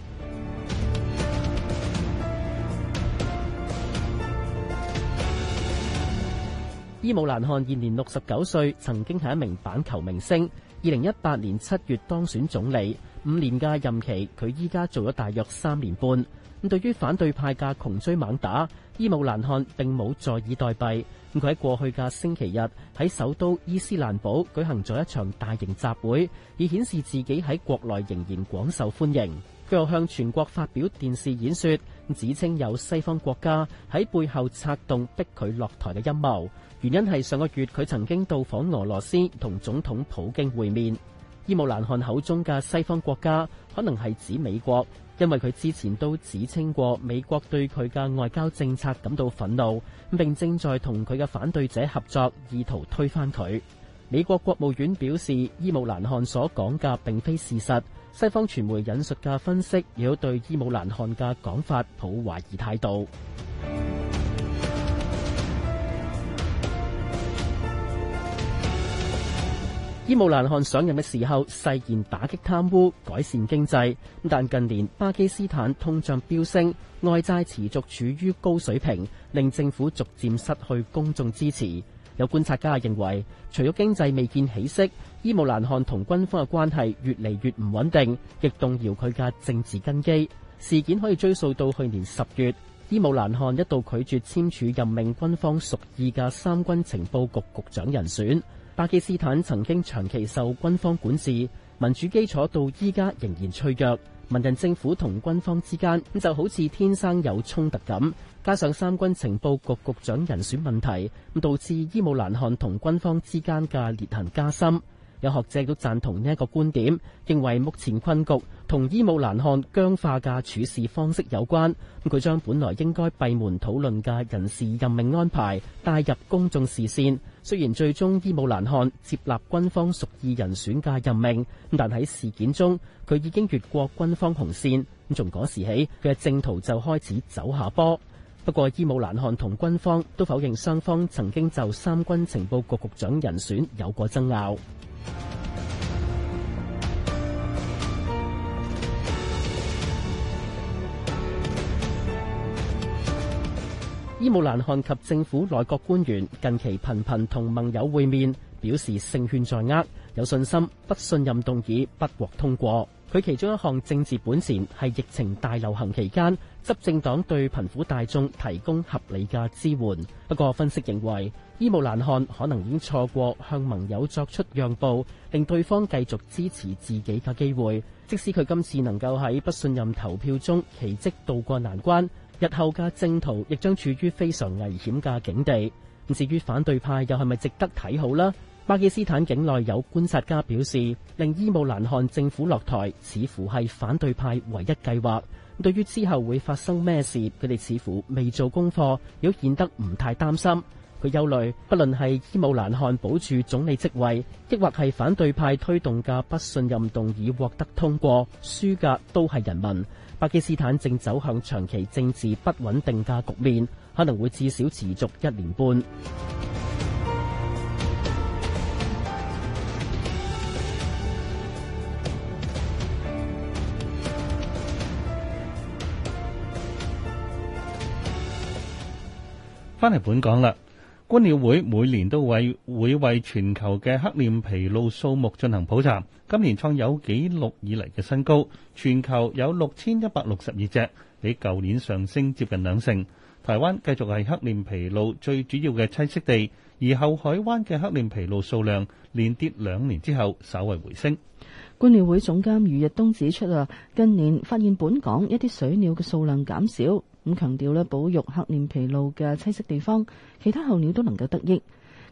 伊姆蘭汗現年六十九歲，曾經係一名板球明星。二零一八年七月當選總理，五年嘅任期佢依家做咗大約三年半。咁對於反對派嘅窮追猛打，伊姆蘭汗並冇坐以待斃。佢喺過去嘅星期日喺首都伊斯蘭堡舉行咗一場大型集會，以顯示自己喺國內仍然廣受歡迎。佢又向全國發表電視演說，指稱有西方國家喺背後策動逼佢落台嘅陰謀。原因係上個月佢曾經到訪俄羅斯同總統普京會面。伊姆蘭汗口中嘅西方國家可能係指美國，因為佢之前都指稱過美國對佢嘅外交政策感到憤怒，並正在同佢嘅反對者合作，意圖推翻佢。美國國務院表示，伊姆蘭汗所講嘅並非事實。西方傳媒引述嘅分析亦都對伊姆蘭汗嘅講法抱懷疑態度。伊姆蘭汗上任嘅時候誓言打擊貪污、改善經濟，但近年巴基斯坦通脹飆升、外債持續處於高水平，令政府逐漸失去公眾支持。有觀察家認為，除咗經濟未見起色，伊姆蘭汗同軍方嘅關係越嚟越唔穩定，亦動搖佢嘅政治根基。事件可以追溯到去年十月，伊姆蘭汗一度拒絕簽署任命軍方屬意嘅三軍情報局局長人選。巴基斯坦曾經長期受軍方管治，民主基礎到依家仍然脆弱，文人政府同軍方之間就好似天生有衝突咁。加上三軍情報局局，局長人選問題，咁導致伊姆蘭漢同軍方之間嘅裂痕加深。有學者都贊同呢一個觀點，認為目前困局同伊姆蘭漢僵化嘅處事方式有關。佢將本來應該閉門討論嘅人事任命安排帶入公眾視線。雖然最終伊姆蘭漢接納軍方屬意人選嘅任命，但喺事件中佢已經越過軍方紅線。咁從嗰時起，佢嘅政途就開始走下坡。不過，伊姆蘭汗同軍方都否認雙方曾經就三軍情報局局長人選有過爭拗。伊姆蘭汗及政府內閣官員近期頻頻同盟友會面，表示勝券在握，有信心不信任動議不獲通過。佢其中一項政治本錢係疫情大流行期間執政黨對貧苦大眾提供合理嘅支援。不過分析，認為，伊姆蘭汗可能已經錯過向盟友作出讓步，令對方繼續支持自己嘅機會，即使佢今次能夠喺不信任投票中奇跡渡過難關，日後嘅政途亦將處於非常危險嘅境地。咁至於反對派又係咪值得睇好咧？巴基斯坦境內有觀察家表示，令伊姆蘭汗政府落台，似乎係反對派唯一計劃。咁對於之後會發生咩事，佢哋似乎未做功課，又顯得唔太擔心。佢憂慮，不論係伊姆蘭汗保住總理職位，抑或係反對派推動嘅不信任動議獲得通過，輸嘅都係人民。巴基斯坦正走向長期政治不穩定嘅局面，可能會至少持續一年半。翻嚟本港啦，觀鳥會每年都為會，會為全球嘅黑臉琵鷺數目進行普查，今年創有紀錄以嚟嘅新高，全球有六千一百六十二隻，比舊年上升接近兩成。台灣繼續係黑臉琵鷺最主要嘅棲息地，而後海灣嘅黑臉琵鷺數量連跌兩年之後，稍為回升。觀鳥會總監余日東指出啊，近年發現本港一啲水鳥嘅數量減少。咁強調咧，保育黑臉琵鷺嘅棲息地方，其他候鳥都能夠得益。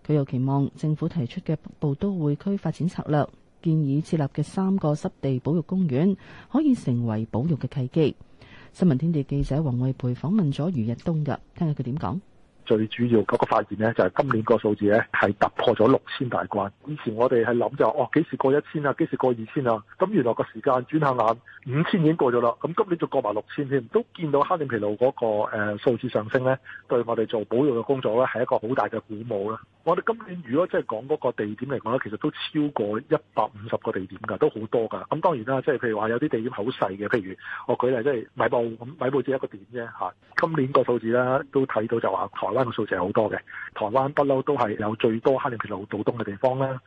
佢又期望政府提出嘅北部都會區發展策略，建議設立嘅三個濕地保育公園，可以成為保育嘅契機。新聞天地記者黃惠培訪問咗余日東嘅，聽下佢點講。最主要嗰個發現咧，就係、是、今年個數字呢，係突破咗六千大關。以前我哋係諗就哦幾時過一千啊，幾時過二千啊？咁原來個時間轉下眼，五千已經過咗啦。咁今年就過埋六千添，都見到黑臉琵鷺嗰、那個誒、呃、數字上升呢，對我哋做保育嘅工作呢，係一個好大嘅鼓舞啦。我哋今年如果即係講嗰個地點嚟講咧，其實都超過一百五十個地點㗎，都好多㗎。咁當然啦，即係譬如話有啲地點好細嘅，譬如我舉例即係、就是、米埔，咁米埔只一個點啫嚇。今年個數字呢，都睇到就話台灣嘅數字係好多嘅，台灣不嬲都係有最多黑臉琵鷺度冬嘅地方啦。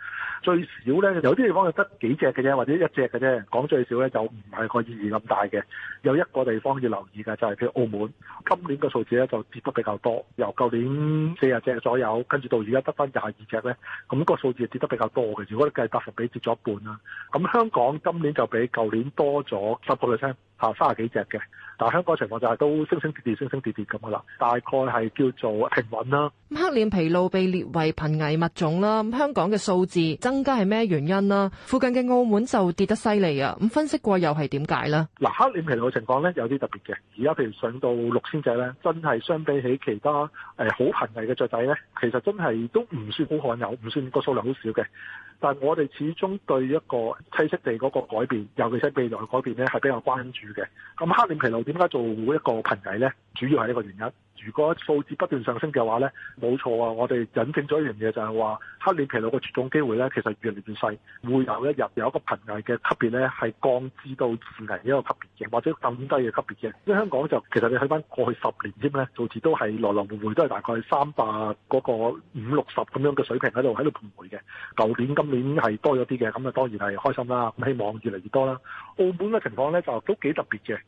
最少咧，有啲地方就得幾隻嘅啫，或者一隻嘅啫。講最少咧，就唔係個意義咁大嘅。有一個地方要留意嘅就係、是、譬如澳門，今年嘅數字咧就跌得比較多，由舊年四十隻左右，跟住到而家得翻廿二隻咧。咁、那個數字跌得比較多嘅，如果你計百分比，跌咗一半啦。咁香港今年就比舊年多咗，收覆你聽。吓，三十幾隻嘅，但係香港情況就係都升升跌跌，升升跌跌咁噶啦，大概係叫做平穩啦。黑臉皮鷺被列為瀕危物種啦，咁香港嘅數字增加係咩原因啦？附近嘅澳門就跌得犀利啊！咁分析過又係點解咧？嗱，啊，黑臉皮鷺嘅情況呢有啲特別嘅，而家譬如上到六千隻呢，真係相比起其他誒好瀕危嘅雀仔呢，其實真係都唔算好罕有，唔算個數量好少嘅。但係我哋始終對一個棲息地個改變，尤其是地貌改變咧，係比較關注嘅。咁黑臉琵鷺點解做一個羣體咧？主要係一個原因。如果數字不斷上升嘅話呢，冇錯啊！我哋引證咗一樣嘢就係話，黑臉琵鷺嘅絕種機會呢，其實越嚟越細，會有一日有一個瀕危嘅級別呢，係降至到次危一個級別嘅，或者更低嘅級別嘅。因為香港就其實你睇返過去十年添呢，數字都係來來回回都係大概三百嗰個五六十咁樣嘅水平喺度喺度徘徊嘅。舊年今年係多咗啲嘅，咁啊當然係開心啦，咁希望越嚟越多啦。澳門嘅情況呢，就都幾特別嘅。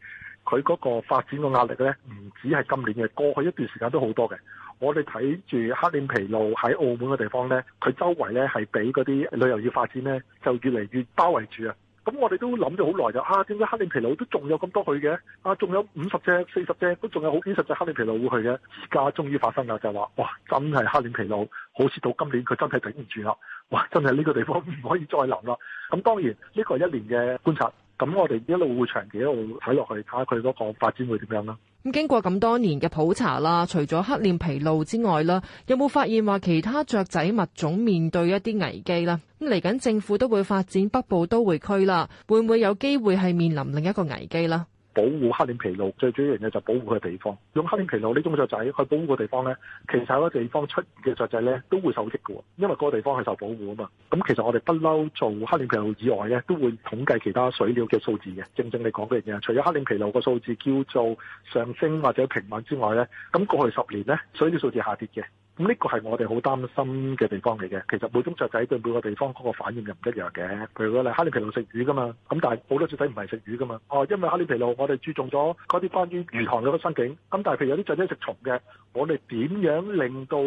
佢嗰個發展嘅壓力呢，唔止係今年嘅，過去一段時間都好多嘅。我哋睇住黑臉琵鷺喺澳門嘅地方呢，佢周圍呢係俾嗰啲旅遊業發展呢就越嚟越包圍住啊。咁我哋都諗咗好耐就啊，點解黑臉琵鷺都仲有咁多去嘅？啊，仲有五十隻、四十隻，都仲有好幾十隻黑臉琵鷺會去嘅。而家終於發生㗎，就係話哇，真係黑臉琵鷺，好似到今年佢真係頂唔住啦！哇，真係呢個地方唔可以再諗啦。咁當然呢個係一年嘅觀察。咁我哋一路會長期一路睇落去，睇下佢嗰個發展會點樣啦。咁經過咁多年嘅普查啦，除咗黑臉琵鷺之外咧，有冇發現話其他雀仔物種面對一啲危機咧？咁嚟緊政府都會發展北部都會區啦，會唔會有機會係面臨另一個危機咧？保護黑臉琵鷺最主要嘅就保護佢地方，用黑臉琵鷺呢種雀仔去保護個地方呢，其實有啲地方出現嘅雀仔呢都會受益嘅，因為個地方係受保護啊嘛。咁其實我哋不嬲做黑臉琵鷺以外呢，都會統計其他水鳥嘅數字嘅。正正你講嘅嘢，除咗黑臉琵鷺個數字叫做上升或者平穩之外呢，咁過去十年呢，水鳥數字下跌嘅。咁呢個係我哋好擔心嘅地方嚟嘅。其實每種雀仔對每個地方嗰個反應又唔一樣嘅。譬如果你哈利琵鷺食魚㗎嘛，咁但係好多雀仔唔係食魚㗎嘛。哦，因為哈利琵鷺，我哋注重咗嗰啲關於魚塘嗰個生境。咁但係譬如有啲雀仔食蟲嘅，我哋點樣令到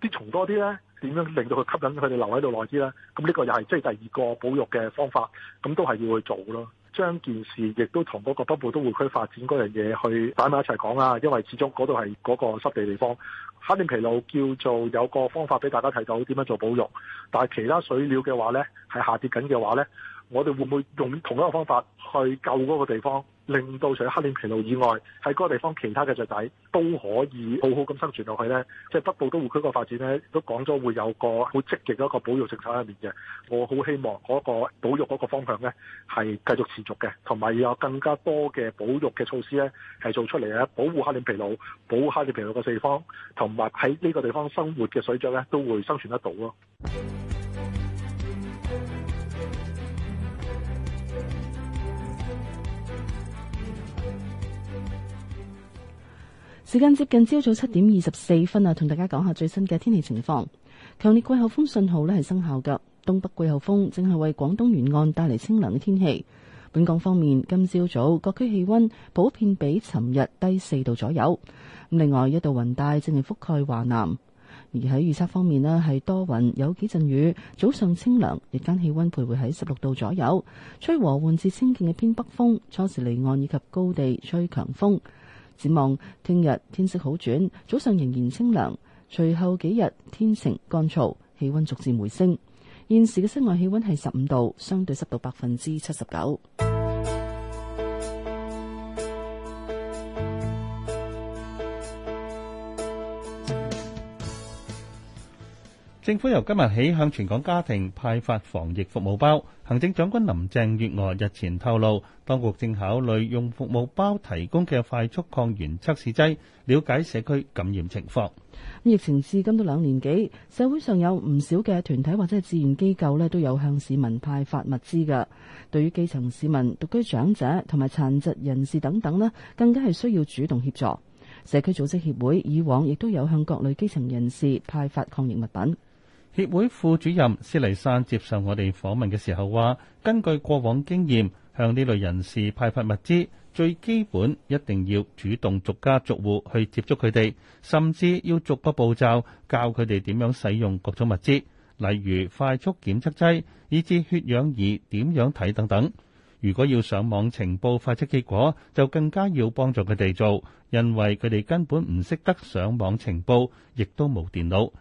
啲蟲多啲呢？點樣令到佢吸引佢哋留喺度耐啲呢？咁呢個又係即係第二個保育嘅方法。咁都係要去做咯。將件事亦都同嗰個北部都會區發展嗰樣嘢去擺埋一齊講啊。因為始終嗰度係嗰個濕地地方。黑臉琵鷺叫做有個方法俾大家睇到點樣做保育，但係其他水鳥嘅話咧，係下跌緊嘅話咧。我哋會唔會用同一個方法去救嗰個地方，令到除咗黑臉琵鷺以外，喺嗰個地方其他嘅雀仔都可以好好咁生存落去呢？即係北部都會區個發展呢，都講咗會有個好積極嘅一個保育政策入面嘅。我好希望嗰個保育嗰個方向呢，係繼續持續嘅，同埋有更加多嘅保育嘅措施呢，係做出嚟啊！保護黑臉琵鷺，保護黑臉琵鷺個地方，同埋喺呢個地方生活嘅水雀呢，都會生存得到咯。時間接近朝早七點二十四分啊，同大家講下最新嘅天氣情況。強烈季候風信號咧，係生效㗎，東北季候風正係為廣東沿岸帶嚟清涼嘅天氣。本港方面，今朝早各區氣溫普遍比尋日低四度左右。另外一度雲帶正係覆蓋華南，而喺預測方面咧，係多雲，有幾陣雨，早上清涼，日間氣溫徘徊喺十六度左右，吹和緩至清勁嘅偏北風，初時離岸以及高地吹強風。展望聽日天色好轉，早上仍然清涼，隨後幾日天晴乾燥，氣溫逐漸回升。現時嘅室外氣溫係十五度，相對濕度百分之七十九。政府由今日起向全港家庭派發防疫服務包。行政長官林鄭月娥日前透露，當局正考慮用服務包提供嘅快速抗原測試劑，了解社區感染情況。咁疫情至今都兩年幾，社會上有唔少嘅團體或者係志願機構咧，都有向市民派發物資嘅。對於基層市民、獨居長者同埋殘疾人士等等咧，更加係需要主動協助。社區組織協會以往亦都有向各類基層人士派發抗疫物品。協會副主任施麗珊接受我哋訪問嘅時候話：根據過往經驗，向呢類人士派發物資，最基本一定要主動逐家逐戶去接觸佢哋，甚至要逐個步驟教佢哋點樣使用各種物資，例如快速檢測劑，以至血氧儀點樣睇等等。如果要上網呈報快測結果，就更加要幫助佢哋做，因為佢哋根本唔識得上網呈報，亦都冇電腦。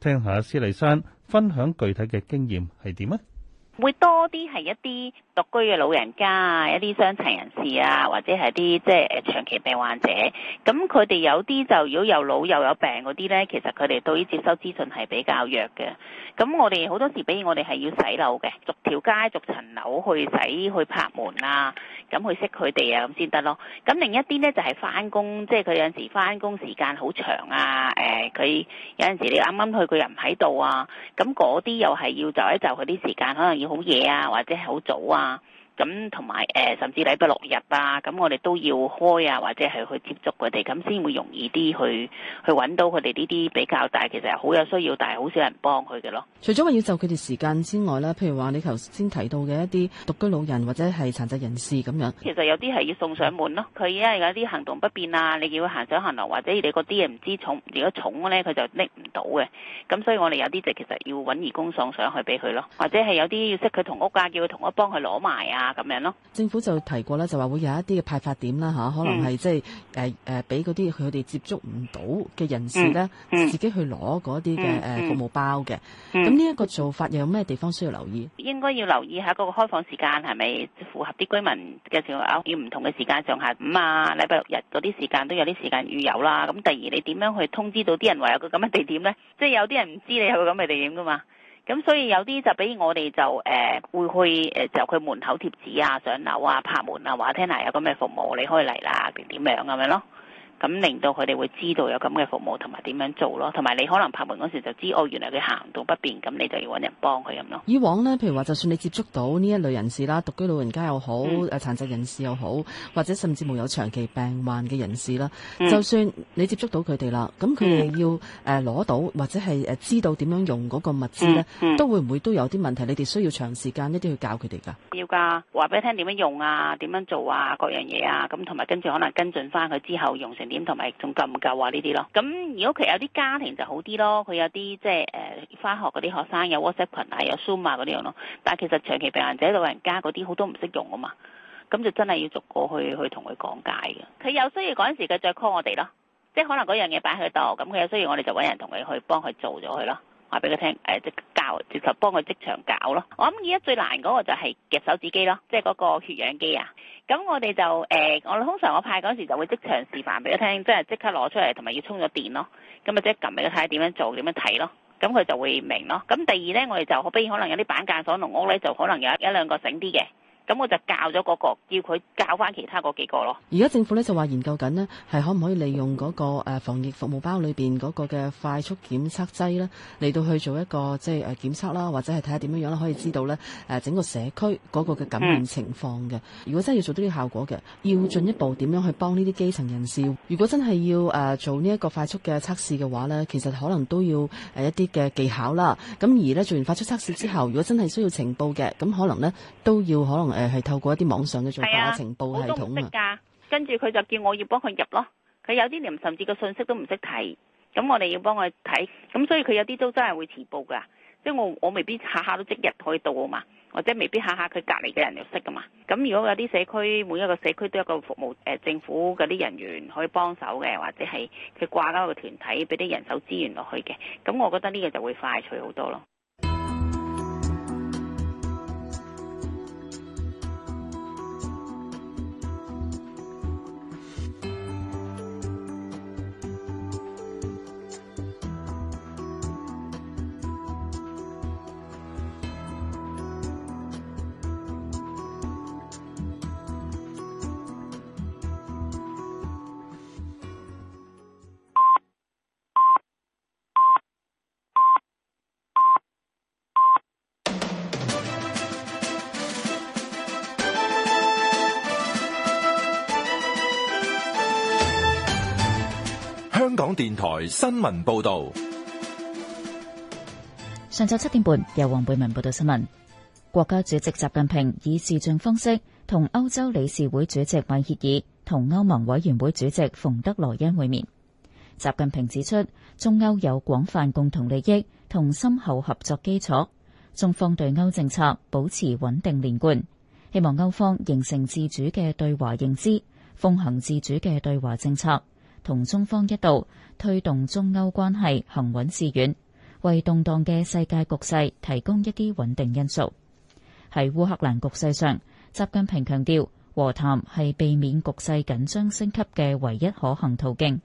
聽下施麗珊分享具體嘅經驗，係點啊。會多啲係一啲獨居嘅老人家啊，一啲傷殘人士啊，或者係啲即係誒長期病患者。咁佢哋有啲就如果又老又有病嗰啲咧，其實佢哋對於接收資訊係比較弱嘅。咁我哋好多時，比如我哋係要洗樓嘅，逐條街逐層樓去洗去拍門啊，咁去識佢哋啊，咁先得咯。咁另一啲咧就係翻工，即係佢有陣時翻工時間好長啊。誒、欸，佢有陣時你啱啱去佢又唔喺度啊。咁嗰啲又係要就一就佢啲時間，可能要。好夜啊，或者係好早啊。 咁同埋誒，甚至禮拜六日啊，咁我哋都要開啊，或者係去接觸佢哋，咁先會容易啲去去揾到佢哋。呢啲比較大，其實好有需要，但係好少人幫佢嘅咯。除咗話要就佢哋時間之外啦，譬如話你頭先提到嘅一啲獨居老人或者係殘疾人士咁樣，其實有啲係要送上門咯。佢因為有啲行動不便啊，你要行上行落，或者你嗰啲嘢唔知重，如果重咧佢就拎唔到嘅。咁所以我哋有啲就其實要揾義工送上去俾佢咯，或者係有啲要識佢同屋啊，叫佢同屋幫佢攞埋啊。啊，咁樣咯。政府就提過啦，就話會有一啲嘅派發點啦，吓，可能係即係誒誒，俾嗰啲佢哋接觸唔到嘅人士咧，嗯、自己去攞嗰啲嘅誒服務包嘅。咁呢一個做法又有咩地方需要留意？應該要留意下嗰個開放時間係咪符合啲居民嘅情況啊？要唔同嘅時間上下午、嗯、啊，禮拜六日嗰啲時間都有啲時間預有啦。咁第二，你點樣去通知到啲人話有個咁嘅地點咧？即係有啲人唔知你有個咁嘅地點噶嘛？咁所以有啲就比如我哋就誒、呃、會去誒、呃、就佢門口貼紙啊、上樓啊、拍門啊，話聽下有咁嘅服務，你可以嚟啦，定點樣咁樣咯。咁令到佢哋會知道有咁嘅服務同埋點樣做咯，同埋你可能拍門嗰時就知，哦，原來佢行到不便，咁你就要揾人幫佢咁咯。以往呢，譬如話，就算你接觸到呢一類人士啦，獨居老人家又好，誒、嗯呃、殘疾人士又好，或者甚至冇有長期病患嘅人士啦，嗯、就算你接觸到佢哋啦，咁佢哋要誒攞、呃、到或者係知道點樣用嗰個物資呢，嗯嗯、都會唔會都有啲問題？你哋需要長時間一啲去教佢哋㗎？要㗎，話俾你聽點樣用啊，點樣做啊，各樣嘢啊，咁同埋跟住可能跟進翻佢之，之後用成。點同埋仲夠唔夠啊？呢啲咯，咁如果佢有啲家庭就好啲咯，佢有啲即係誒翻學嗰啲學生有 WhatsApp 群啊，有 Zoom 啊嗰啲樣咯。但係其實長期病患者老人家嗰啲好多唔識用啊嘛，咁就真係要逐個去去同佢講解嘅。佢有需要嗰陣時佢再 call 我哋咯，即係可能嗰樣嘢擺喺度，咁佢有需要我哋就揾人同佢去幫佢做咗佢咯。話俾佢聽，誒即教接受幫佢即場搞咯。我諗而家最難嗰個就係夾手指機咯，即係嗰個血氧機啊。咁我哋就誒、呃，我通常我派嗰時就會即場示範俾佢聽，即係即刻攞出嚟，同埋要充咗電咯。咁咪即係撳俾佢睇下點樣做，點樣睇咯。咁佢就會明咯。咁第二呢，我哋就好比如可能有啲板間房、農屋咧，就可能有一一兩個醒啲嘅。咁我就教咗個，叫佢教翻其他嗰幾個咯。而家政府咧就話研究緊咧，係可唔可以利用嗰、那個誒、啊、防疫服務包裏邊嗰個嘅快速檢測劑咧，嚟到去做一個即係誒檢測啦，或者係睇下點樣樣啦，可以知道咧誒、啊、整個社區嗰個嘅感染情況嘅。嗯、如果真係要做到呢個效果嘅，要進一步點樣去幫呢啲基層人士？如果真係要誒、啊、做呢一個快速嘅測試嘅話咧，其實可能都要誒一啲嘅技巧啦。咁而咧做完快速測試之後，如果真係需要情報嘅，咁可能咧都要可能。誒係透過一啲網上嘅情報系統啊，跟住佢就叫我要幫佢入咯。佢有啲連甚至個信息都唔識睇，咁我哋要幫佢睇，咁所以佢有啲都真係會遲報噶。即係我我未必下下都即日可以到啊嘛，或者未必下下佢隔離嘅人又識啊嘛。咁如果有啲社區每一個社區都有個服務誒、呃、政府嗰啲人員可以幫手嘅，或者係佢掛嗰個團體俾啲人手資源落去嘅，咁我覺得呢個就會快脆好多咯。電台新聞報道：上晝七點半，由黃貝文報道新聞。國家主席習近平以視像方式同歐洲理事會主席米歇爾、同歐盟委員會主席馮德萊恩會面。習近平指出，中歐有廣泛共同利益同深厚合作基礎，中方對歐政策保持穩定連貫，希望歐方形成自主嘅對華認知，奉行自主嘅對華政策。同中方一道推動中歐關係行穩致遠，為動盪嘅世界局勢提供一啲穩定因素。喺烏克蘭局勢上，習近平強調和談係避免局勢緊張升級嘅唯一可行途徑，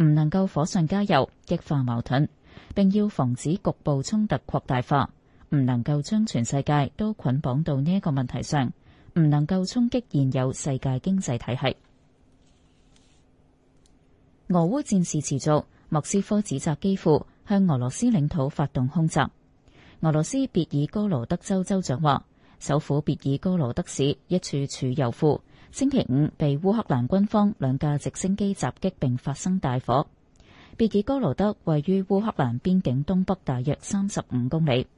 唔能夠火上加油激化矛盾，並要防止局部衝突擴大化，唔能夠將全世界都捆綁到呢一個問題上，唔能夠衝擊現有世界經濟體系。俄烏戰事持續，莫斯科指責基輔向俄羅斯領土發動空襲。俄羅斯別爾哥羅德州州長話，首府別爾哥羅德市一處儲油庫星期五被烏克蘭軍方兩架直升機襲擊，並發生大火。別爾哥羅德位於烏克蘭邊境東北，大約三十五公里。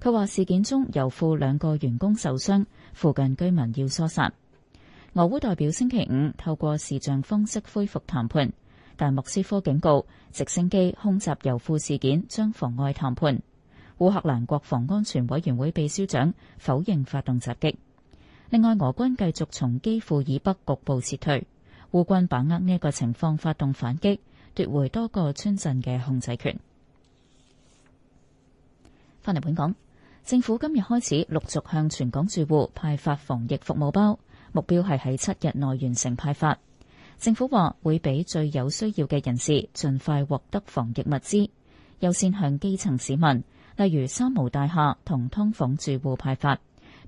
佢話事件中油庫兩個員工受傷，附近居民要疏散。俄烏代表星期五透過視像方式恢復談判。但莫斯科警告，直升機空襲油庫事件將妨礙談判。烏克蘭國防安全委員會秘書長否認發動襲擊，另外，俄軍繼續從基輔以北局部撤退，烏軍把握呢個情況發動反擊，奪回多個村鎮嘅控制權。翻嚟本港，政府今日開始陸續向全港住戶派發防疫服務包，目標係喺七日內完成派發。政府話會俾最有需要嘅人士盡快獲得防疫物資，優先向基層市民，例如三無大廈同劏房住戶派發，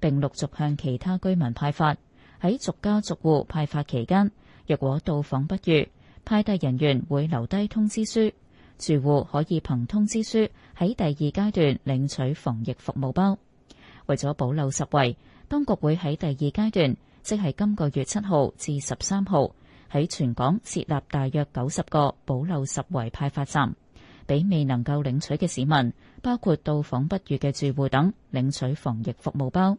並陸續向其他居民派發。喺逐家逐戶派發期間，若果到訪不遇，派遞人員會留低通知書，住戶可以憑通知書喺第二階段領取防疫服務包。為咗保留實惠，當局會喺第二階段，即係今個月七號至十三號。喺全港設立大約九十個保留十圍派發站，俾未能夠領取嘅市民，包括到訪不遇嘅住戶等，領取防疫服務包。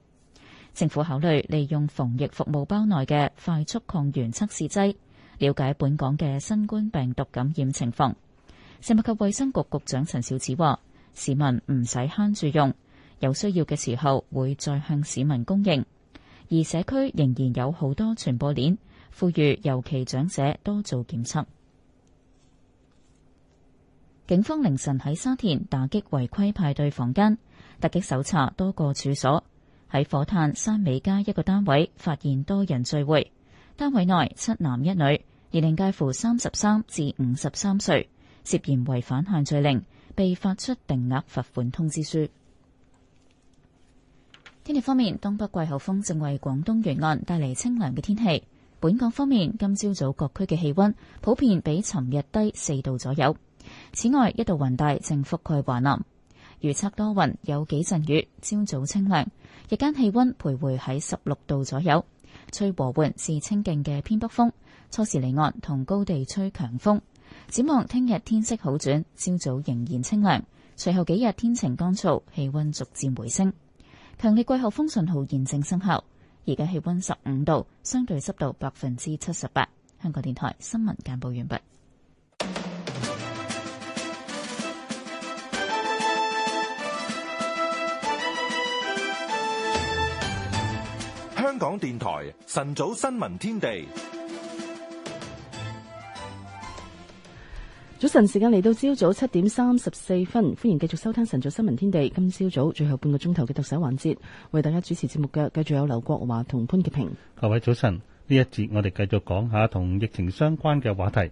政府考慮利用防疫服務包內嘅快速抗原測試劑，了解本港嘅新冠病毒感染情況。食物及衛生局局長陳肇始話，市民唔使慳住用，有需要嘅時候會再向市民供應。而社區仍然有好多傳播鏈。呼籲尤其長者多做檢測。警方凌晨喺沙田打擊違規派對房間，突擊搜查多個處所。喺火炭山尾街一個單位發現多人聚會單位內七男一女，年齡介乎三十三至五十三歲，涉嫌違反限聚令，被發出定額罰款通知書。天氣方面，東北季候風正為廣東沿岸帶嚟清涼嘅天氣。本港方面，今朝早，早各區嘅氣溫普遍比尋日低四度左右。此外一度，一道雲帶正覆蓋華南，預測多雲，有幾陣雨。朝早清涼，日間氣溫徘徊喺十六度左右。吹和緩至清勁嘅偏北風，初時離岸同高地吹強風。展望聽日天色好轉，朝早仍然清涼，隨後幾日天晴乾燥，氣溫逐漸回升。強烈季候風信號現正生效。而家氣溫十五度，相對濕度百分之七十八。香港電台新聞簡報完畢。香港電台晨早新聞天地。早晨時間嚟到，朝早七點三十四分，歡迎繼續收聽晨早新聞天地。今朝早最後半個鐘頭嘅特首環節，為大家主持節目嘅繼續有劉國華同潘潔平。各位早晨，呢一節我哋繼續講下同疫情相關嘅話題。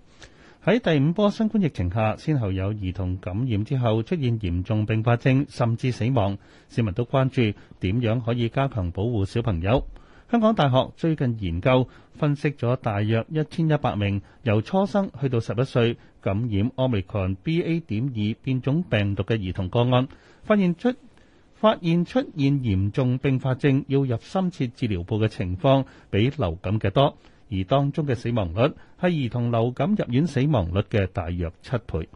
喺第五波新冠疫情下，先後有兒童感染之後出現嚴重併發症，甚至死亡，市民都關注點樣可以加強保護小朋友。香港大學最近研究分析咗大約一千一百名由初生去到十一歲感染 Omicron BA. 點二變種病毒嘅兒童個案，發現出發現出現嚴重併發症要入深切治療部嘅情況，比流感嘅多，而當中嘅死亡率係兒童流感入院死亡率嘅大約七倍。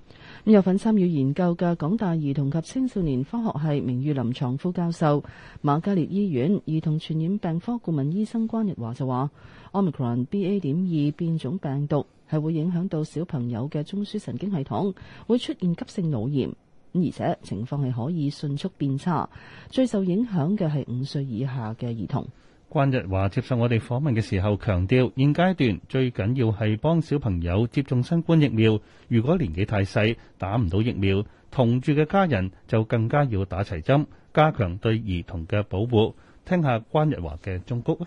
有份參與研究嘅港大兒童及青少年科學系名譽臨床副教授瑪嘉烈醫院兒童傳染病科顧問醫生關日華就話：Omicron BA. 點二變種病毒係會影響到小朋友嘅中樞神經系統，會出現急性腦炎，而且情況係可以迅速變差，最受影響嘅係五歲以下嘅兒童。關日華接受我哋訪問嘅時候強調，現階段最緊要係幫小朋友接種新冠疫苗。如果年紀太細打唔到疫苗，同住嘅家人就更加要打齊針，加強對兒童嘅保護。聽下關日華嘅忠告。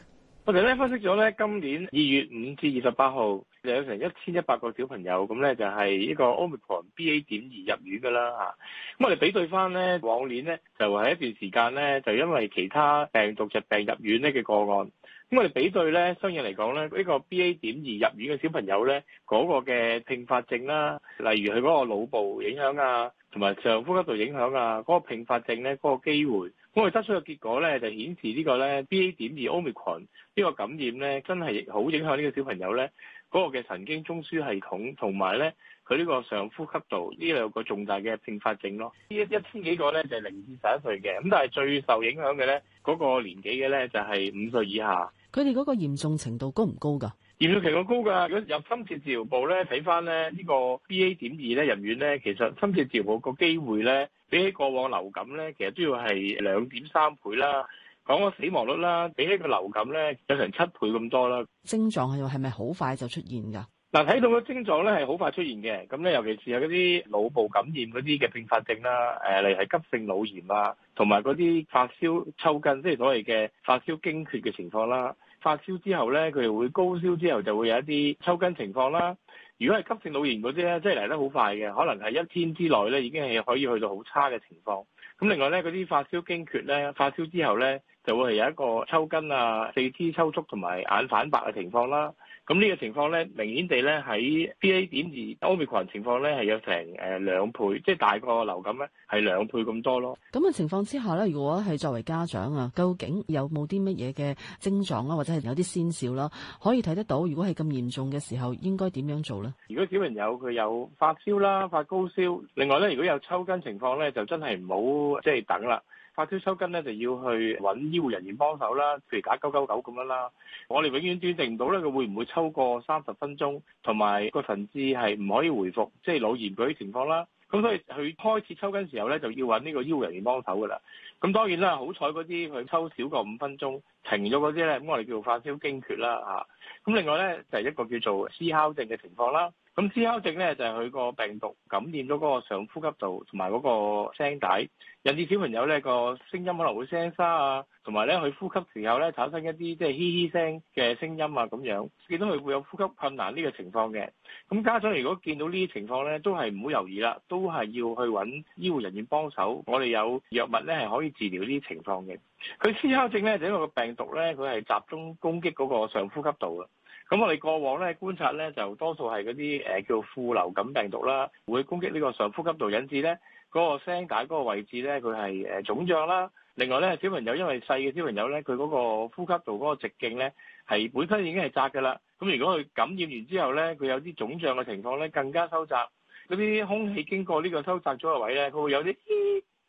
我哋咧分析咗咧今年二月五至二十八號。有成一千一百個小朋友咁咧，就係一個奧密克戎 BA 點二入院噶啦吓。咁我哋比對翻咧，往年咧就係一段時間咧，就因為其他病毒疾病入院咧嘅個案。咁我哋比對咧，相應嚟講咧，呢個 BA 點二入院嘅小朋友咧，嗰個嘅併發症啦，例如佢嗰個腦部影響啊，同埋上呼吸道影響啊，嗰個併發症咧，嗰個機會。我哋得出嘅結果咧，就顯示呢個咧 BA 點二奧密克戎呢個感染咧，真係好影響呢個小朋友咧。嗰個嘅神經中樞系統同埋咧，佢呢個上呼吸道呢兩個重大嘅併發症咯。呢一千幾個咧就係零至十一歲嘅，咁但係最受影響嘅咧，嗰個年紀嘅咧就係五歲以下。佢哋嗰個嚴重程度高唔高㗎？嚴重程度高㗎。如果入深切治療部咧，睇翻咧呢個 BA 點二咧入院咧，其實深切治療部個機會咧，比起過往流感咧，其實都要係兩點三倍啦。講個死亡率啦，比起個流感咧有成七倍咁多啦。症狀係咪係咪好快就出現噶？嗱，睇到個症狀咧係好快出現嘅。咁咧，尤其是有嗰啲腦部感染嗰啲嘅併發症啦，誒例如係急性腦炎啊，同埋嗰啲發燒抽筋，即係所謂嘅發燒驚厥嘅情況啦。發燒之後咧，佢哋會高燒之後就會有一啲抽筋情況啦。如果係急性腦炎嗰啲咧，即係嚟得好快嘅，可能係一天之內咧已經係可以去到好差嘅情況。咁另外咧，嗰啲發燒驚厥咧，發燒之後咧。就會係有一個抽筋啊、四肢抽搐同埋眼反白嘅情況啦。咁呢個情況咧，明顯地咧喺 B A 點二 Omicron 情況咧係有成誒兩倍，即係大過流感咧係兩倍咁多咯。咁嘅情況之下咧，如果係作為家長啊，究竟有冇啲乜嘢嘅症狀啊，或者係有啲先兆啦，可以睇得到？如果係咁嚴重嘅時候，應該點樣做咧？如果小朋友佢有發燒啦、發高燒，另外咧如果有抽筋情況咧，就真係唔好即係等啦。發燒抽筋咧，就要去揾醫護人員幫手啦，譬如打九九九咁樣啦。我哋永遠斷定唔到咧，佢會唔會抽過三十分鐘，同埋個神志係唔可以回復，即係腦炎嗰啲情況啦。咁所以佢開始抽筋時候咧，就要揾呢個醫護人員幫手噶啦。咁當然啦，好彩嗰啲佢抽少過五分鐘停咗嗰啲咧，咁我哋叫做發燒驚厥啦嚇。咁另外咧就係一個叫做思考症嘅情況啦。咁支氣管症咧，就係佢個病毒感染咗嗰個上呼吸道同埋嗰個聲帶，引致小朋友咧，個聲音可能會聲沙啊，同埋咧佢呼吸時候咧產生一啲即係嘻嘻聲嘅聲音啊咁樣，見到佢會有呼吸困難呢個情況嘅。咁家長如果見到呢啲情況咧，都係唔好猶豫啦，都係要去揾醫護人員幫手。我哋有藥物咧係可以治療呢啲情況嘅。佢支氣管症咧，就因為個病毒咧，佢係集中攻擊嗰個上呼吸道啊。咁我哋過往咧觀察咧，就多數係嗰啲誒叫副流感病毒啦，會攻擊呢個上呼吸道引致咧嗰個聲帶嗰個位置咧，佢係誒腫脹啦。另外咧，小朋友因為細嘅小朋友咧，佢嗰個呼吸道嗰個直徑咧係本身已經係窄噶啦。咁如果佢感染完之後咧，佢有啲腫脹嘅情況咧，更加收窄。嗰啲空氣經過呢個收窄咗嘅位咧，佢會有啲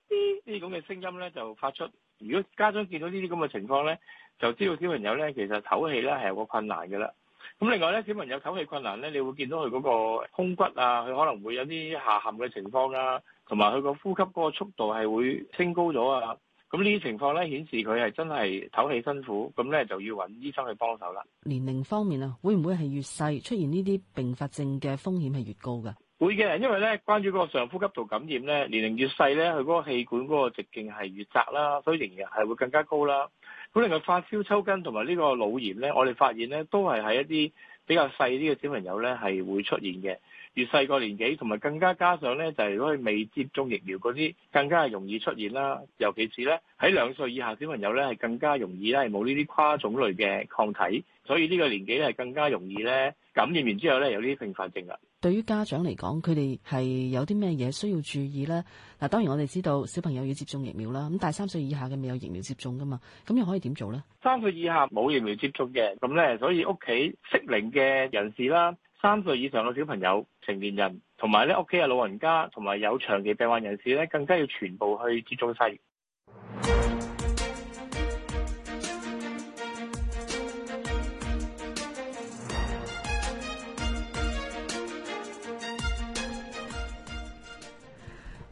啲啲咁嘅聲音咧就發出。如果家長見到呢啲咁嘅情況咧，就知道小朋友咧其實唞氣咧係有個困難噶啦。咁另外咧，小朋友唞氣困難咧，你會見到佢嗰個胸骨啊，佢可能會有啲下陷嘅情況啊，同埋佢個呼吸嗰個速度係會升高咗啊。咁呢啲情況咧，顯示佢係真係唞氣辛苦，咁咧就要搵醫生去幫手啦。年齡方面啊，會唔會係越細出現呢啲併發症嘅風險係越高㗎？會嘅，因為咧，關於嗰個上呼吸道感染咧，年齡越細咧，佢嗰個氣管嗰個直徑係越窄啦，所以仍然係會更加高啦。可能佢發燒抽筋，同埋呢個腦炎咧，我哋發現咧都係喺一啲比較細啲嘅小朋友咧係會出現嘅。越細個年紀，同埋更加加上咧，就係如果未接種疫苗嗰啲，更加係容易出現啦。尤其是咧喺兩歲以下小朋友咧，係更加容易啦，係冇呢啲跨種類嘅抗體，所以呢個年紀係更加容易咧感染完之後咧有呢啲併發症啊。對於家長嚟講，佢哋係有啲咩嘢需要注意呢？嗱，當然我哋知道小朋友要接種疫苗啦。咁但係三歲以下嘅未有疫苗接種㗎嘛，咁又可以點做呢？三歲以下冇疫苗接種嘅，咁呢。所以屋企適齡嘅人士啦，三歲以上嘅小朋友、成年人，同埋咧屋企嘅老人家，同埋有長期病患人士咧，更加要全部去接種曬。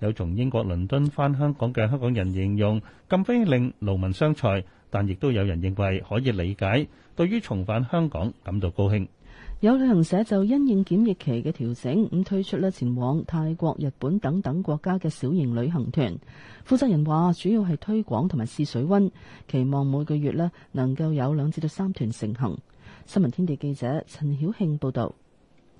有從英國倫敦返香港嘅香港人形容禁飛令勞民傷財，但亦都有人認為可以理解。對於重返香港感到高興。有旅行社就因應檢疫期嘅調整，咁推出咧前往泰國、日本等等國家嘅小型旅行團。負責人話，主要係推廣同埋試水温，期望每個月咧能夠有兩至到三團成行。新聞天地記者陳曉慶報道。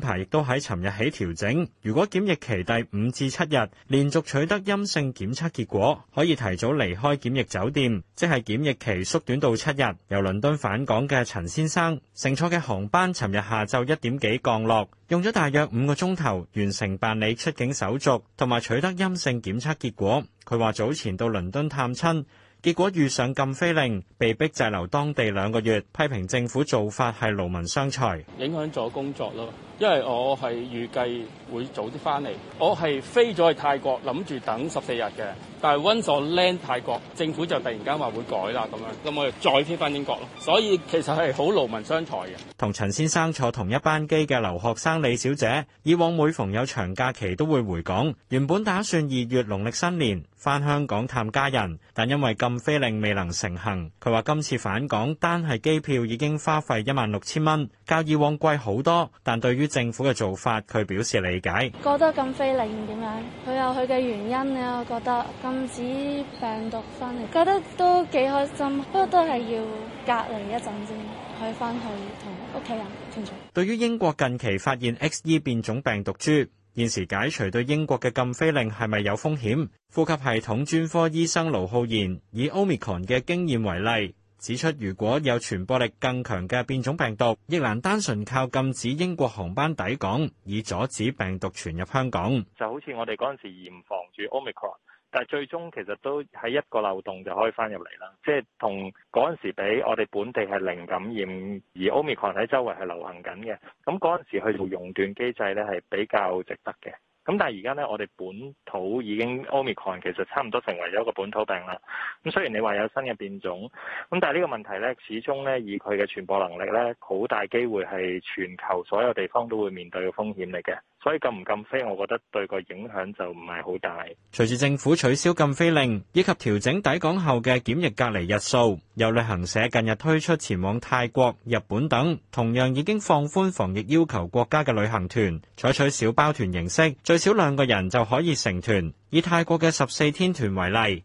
排亦都喺尋日起調整。如果檢疫期第五至七日連續取得陰性檢測結果，可以提早離開檢疫酒店，即係檢疫期縮短到七日。由倫敦返港嘅陳先生乘坐嘅航班，尋日下晝一點幾降落，用咗大約五個鐘頭完成辦理出境手續，同埋取得陰性檢測結果。佢話早前到倫敦探親，結果遇上禁飛令，被迫滯留當地兩個月。批評政府做法係勞民傷財，影響咗工作咯。因為我係預計會早啲翻嚟，我係飛咗去泰國，諗住等十四日嘅，但係 once I land 泰國，政府就突然間話會改啦，咁樣咁我又再飛翻英國咯。所以其實係好勞民傷財嘅。同陳先生坐同一班機嘅留學生李小姐，以往每逢有長假期都會回港，原本打算二月農曆新年翻香港探家人，但因為禁飛令未能成行，佢話今次返港單係機票已經花費一萬六千蚊。較以往貴好多，但對於政府嘅做法，佢表示理解。覺得禁飛令點樣？佢有佢嘅原因啊。我覺得禁止病毒翻嚟，覺得都幾開心，不過都係要隔離一陣先可以翻去同屋企人團聚。對於英國近期發現 XE 變種病毒株，現時解除對英國嘅禁飛令係咪有風險？呼吸系統專科醫生盧浩然以 Omicron 嘅經驗為例。指出，如果有傳播力更強嘅變種病毒，亦難單純靠禁止英國航班抵港以阻止病毒傳入香港。就好似我哋嗰陣時嚴防住 Omicron，但係最終其實都喺一個漏洞就可以翻入嚟啦。即係同嗰陣時比，我哋本地係零感染，而 Omicron 喺周圍係流行緊嘅。咁嗰陣時去做熔斷機制咧，係比較值得嘅。咁但係而家咧，我哋本土已經 Omicron 其實差唔多成為咗一個本土病啦。咁雖然你話有新嘅變種，咁但係呢個問題咧，始終咧以佢嘅傳播能力咧，好大機會係全球所有地方都會面對嘅風險嚟嘅。所以禁唔禁飛，我覺得對個影響就唔係好大。隨住政府取消禁飛令以及調整抵港後嘅檢疫隔離日數，有旅行社近日推出前往泰國、日本等同樣已經放寬防疫要求國家嘅旅行團，採取小包團形式，最少兩個人就可以成團。以泰國嘅十四天團為例，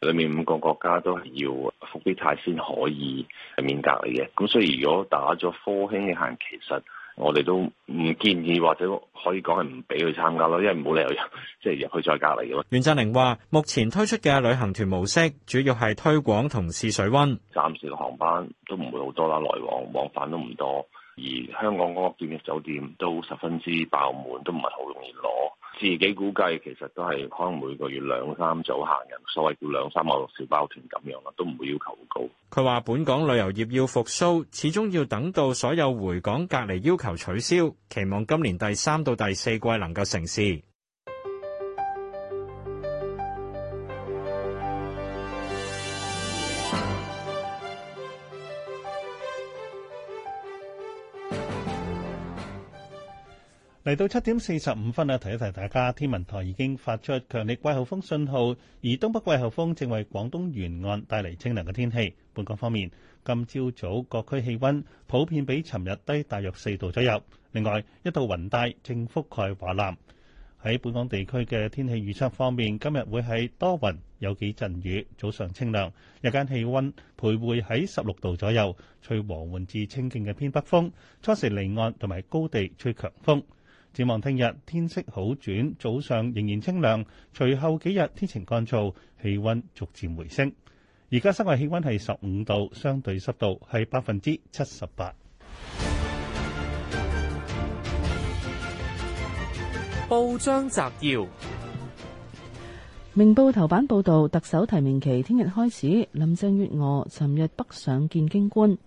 裏面五個國家都係要復必泰先可以免隔離嘅，咁所以如果打咗科興嘅函，其實我哋都唔建議或者可以講係唔俾佢參加咯，因為冇理由入即係、就是、入去再隔離嘅咯。袁振寧話：目前推出嘅旅行團模式，主要係推廣同試水溫。暫時嘅航班都唔會好多啦，來往往返都唔多，而香港各間酒店都十分之爆滿，都唔係好容易攞。自己估計其實都係可能每個月兩三組行人，所謂叫兩三個小包團咁樣啦，都唔會要求好高。佢話：本港旅遊業要復甦，始終要等到所有回港隔離要求取消，期望今年第三到第四季能夠成事。嚟到七點四十五分啊！提一提大家，天文台已經發出強烈季候風信號，而東北季候風正為廣東沿岸帶嚟清涼嘅天氣。本港方面，今朝早各區氣温普遍比尋日低大約四度左右。另外，一道雲帶正覆蓋華南。喺本港地區嘅天氣預測方面，今日會係多雲，有幾陣雨，早上清涼，日間氣温徘徊喺十六度左右，吹和緩至清勁嘅偏北風，初時離岸同埋高地吹強風。展望聽日天色好轉，早上仍然清涼，隨後幾日天晴乾燥，氣温逐漸回升。而家室外氣温係十五度，相對濕度係百分之七十八。報章摘要：明報頭版報道特首提名期聽日開始，林鄭月娥尋日北上見京官。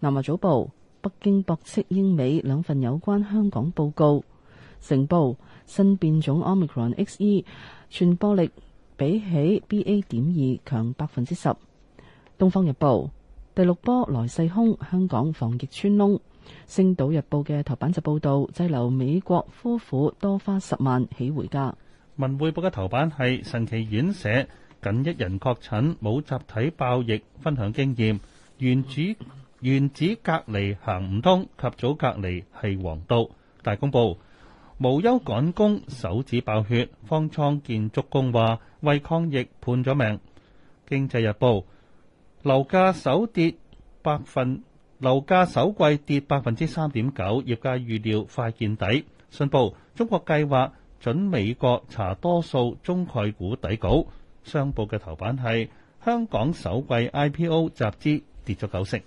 南華早報。北京駁斥英美兩份有關香港報告，成報新變種 omicron XE 傳播力比起 BA. 點二強百分之十。東方日報第六波來勢兇，香港防疫穿窿。星島日報嘅頭版就報道滯留美國夫婦多花十萬起回家。文匯報嘅頭版係，神奇院舍僅一人確診，冇集體爆疫，分享經驗。原主。原子隔離行唔通，及早隔離係王道。大公報無休趕工，手指爆血，方艙建築工話為抗疫判咗命。經濟日報樓價首跌百分，樓價首季跌百分之三點九，業界預料快見底。信報中國計劃准美國查多數中概股底稿。商報嘅頭版係香港首季 IPO 集資跌咗九成。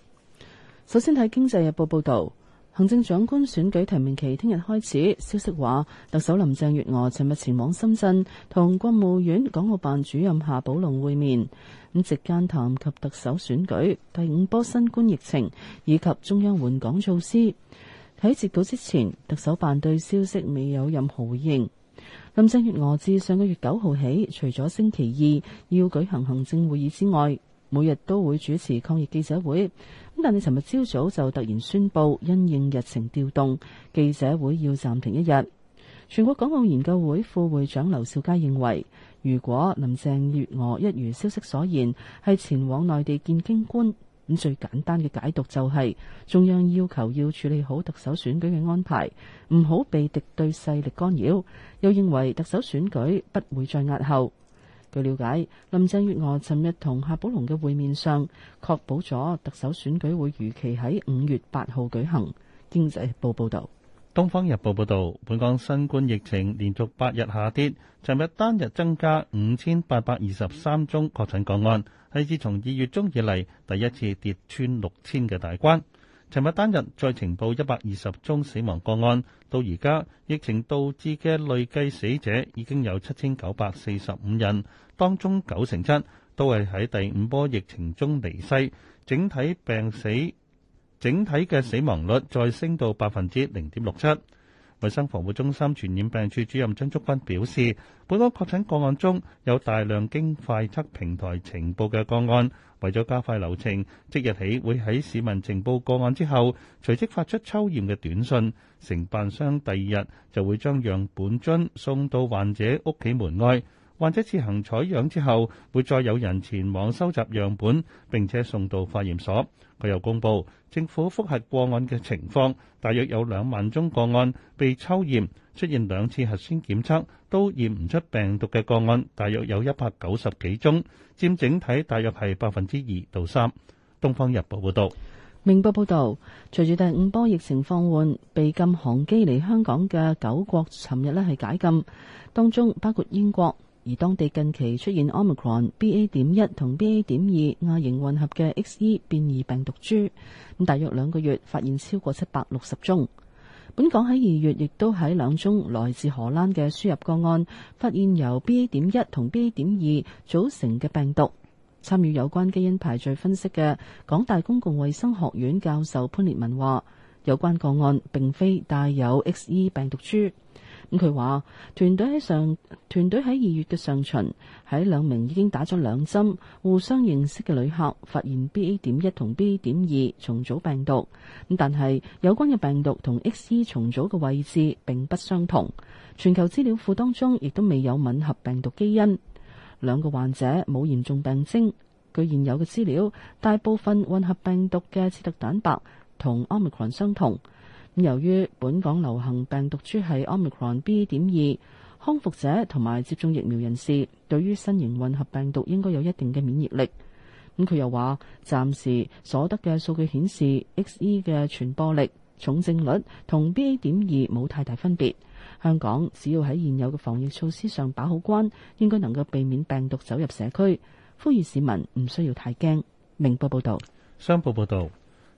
首先睇《經濟日報》報道，行政長官選舉提名期聽日開始。消息話，特首林鄭月娥尋日前往深圳同國務院港澳辦主任夏寶龍會面，咁席間談及特首選舉、第五波新冠疫情以及中央援港措施。喺截稿之前，特首辦對消息未有任何回應。林鄭月娥自上個月九號起，除咗星期二要舉行行政會議之外，每日都會主持抗疫記者會。但你尋日朝早就突然宣布，因應日程調動，記者會要暫停一日。全國港澳研究會副會長劉兆佳認為，如果林鄭月娥一如消息所言，係前往內地見京官，咁最簡單嘅解讀就係中央要求要處理好特首選舉嘅安排，唔好被敵對勢力干擾。又認為特首選舉不會再押後。據了解，林鄭月娥尋日同夏寶龍嘅會面上，確保咗特首選舉會如期喺五月八號舉行。經濟報報道，東方日報報道，本港新冠疫情連續八日下跌，尋日單日增加五千八百二十三宗確診個案，係自從二月中以嚟，第一次跌穿六千嘅大關。尋日單日再呈報一百二十宗死亡個案，到而家疫情導致嘅累計死者已經有七千九百四十五人，當中九成七都係喺第五波疫情中離世，整體病死整體嘅死亡率再升到百分之零點六七。衞生防護中心傳染病處主任張竹君表示，本港確診個案中有大量經快測平台呈報嘅個案，為咗加快流程，即日起會喺市民呈報個案之後，隨即發出抽驗嘅短訊，承辦商第二日就會將樣本樽送到患者屋企門外，患者自行採樣之後，會再有人前往收集樣本，並且送到化驗所。佢又公布。政府複核過案嘅情況，大約有兩萬宗個案被抽驗，出現兩次核酸檢測都驗唔出病毒嘅個案，大約有一百九十幾宗，佔整體大約係百分之二到三。《東方日報,報》報道，明報》報道，隨住第五波疫情放緩，被禁航機嚟香港嘅九國，尋日咧係解禁，當中包括英國。而當地近期出現 Omicron BA. 點一同 BA. 點二亞型混合嘅 XE 變異病毒株，咁大約兩個月發現超過七百六十宗。本港喺二月亦都喺兩宗來自荷蘭嘅輸入個案，發現由 BA. 點一同 BA. 點二組成嘅病毒。參與有關基因排序分析嘅港大公共衛生學院教授潘烈文話：有關個案並非帶有 XE 病毒株。佢話：團隊喺上，團隊喺二月嘅上旬，喺兩名已經打咗兩針、互相認識嘅旅客，發現 B. A. 點一同 B. A. 點二重組病毒。咁但係有關嘅病毒同 X. E 重組嘅位置並不相同。全球資料庫當中亦都未有吻合病毒基因。兩個患者冇嚴重病徵。據現有嘅資料，大部分混合病毒嘅刺突蛋白同 Omicron 相同。由於本港流行病毒株係 Omicron BA. 點二，康復者同埋接種疫苗人士對於新型混合病毒應該有一定嘅免疫力。咁佢又話，暫時所得嘅數據顯示 XE 嘅傳播力、重症率同 BA. 點二冇太大分別。香港只要喺現有嘅防疫措施上把好關，應該能夠避免病毒走入社區。呼籲市民唔需要太驚。明報報道。商報報導。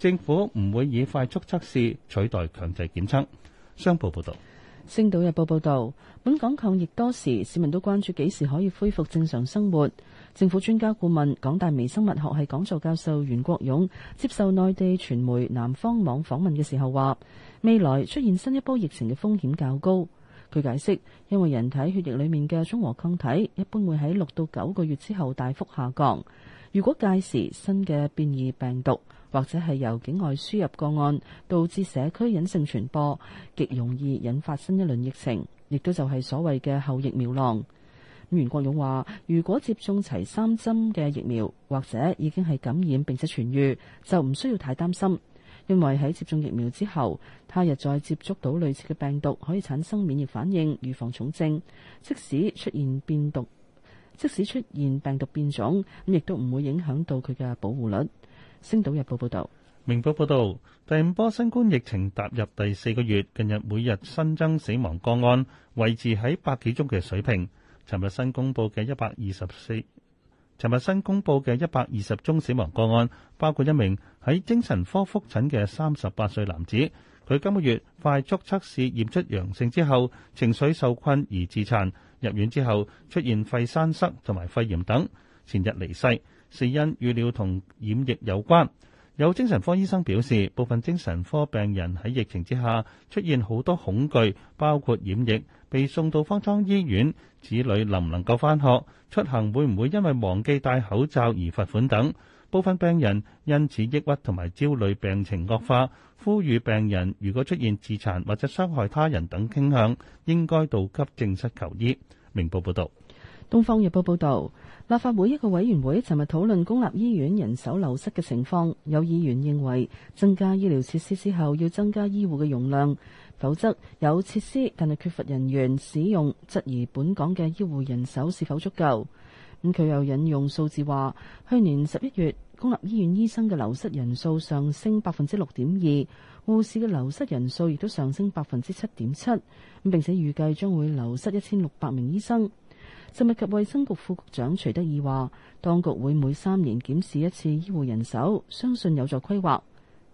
政府唔會以快速測試取代強制檢測，商報報道。星島日報報道，本港抗疫多時，市民都關注幾時可以恢復正常生活。政府專家顧問、港大微生物學系講座教授袁國勇接受內地傳媒南方網訪問嘅時候話，未來出現新一波疫情嘅風險較高。佢解釋，因為人體血液裏面嘅中和抗體一般會喺六到九個月之後大幅下降。如果屆時新嘅變異病毒，或者係由境外輸入個案導致社區隱性傳播，極容易引發新一輪疫情，亦都就係所謂嘅後疫苗浪。袁國勇話：如果接種齊三針嘅疫苗，或者已經係感染並且痊癒，就唔需要太擔心。因為喺接種疫苗之後，他日再接觸到類似嘅病毒，可以產生免疫反應，預防重症。即使出現變毒，即使出現病毒變種，咁亦都唔會影響到佢嘅保護率。星島日報報道。明報報道。第五波新冠疫情踏入第四個月，近日每日新增死亡個案維持喺百幾宗嘅水平。尋日新公布嘅一百二十四，尋日新公布嘅一百二十宗死亡個案，包括一名喺精神科複診嘅三十八歲男子，佢今個月快速測試驗出陽性之後，情緒受困而自殘，入院之後出現肺栓塞同埋肺炎等，前日離世。死因預料同染疫有關，有精神科醫生表示，部分精神科病人喺疫情之下出現好多恐懼，包括染疫、被送到方艙醫院、子女能唔能夠返學、出行會唔會因為忘記戴口罩而罰款等。部分病人因此抑鬱同埋焦慮，病情惡化。呼籲病人如果出現自殘或者傷害他人等傾向，應該到急症室求醫。明報報道。東方日報報道。立法會一個委員會尋日討論公立醫院人手流失嘅情況，有議員認為增加醫療設施之後要增加醫護嘅容量，否則有設施但係缺乏人員使用，質疑本港嘅醫護人手是否足夠。咁佢又引用數字話，去年十一月公立醫院醫生嘅流失人數上升百分之六點二，護士嘅流失人數亦都上升百分之七點七，咁並且預計將會流失一千六百名醫生。食物及衛生局副局長徐德義話，當局會每三年檢視一次醫護人手，相信有助規劃。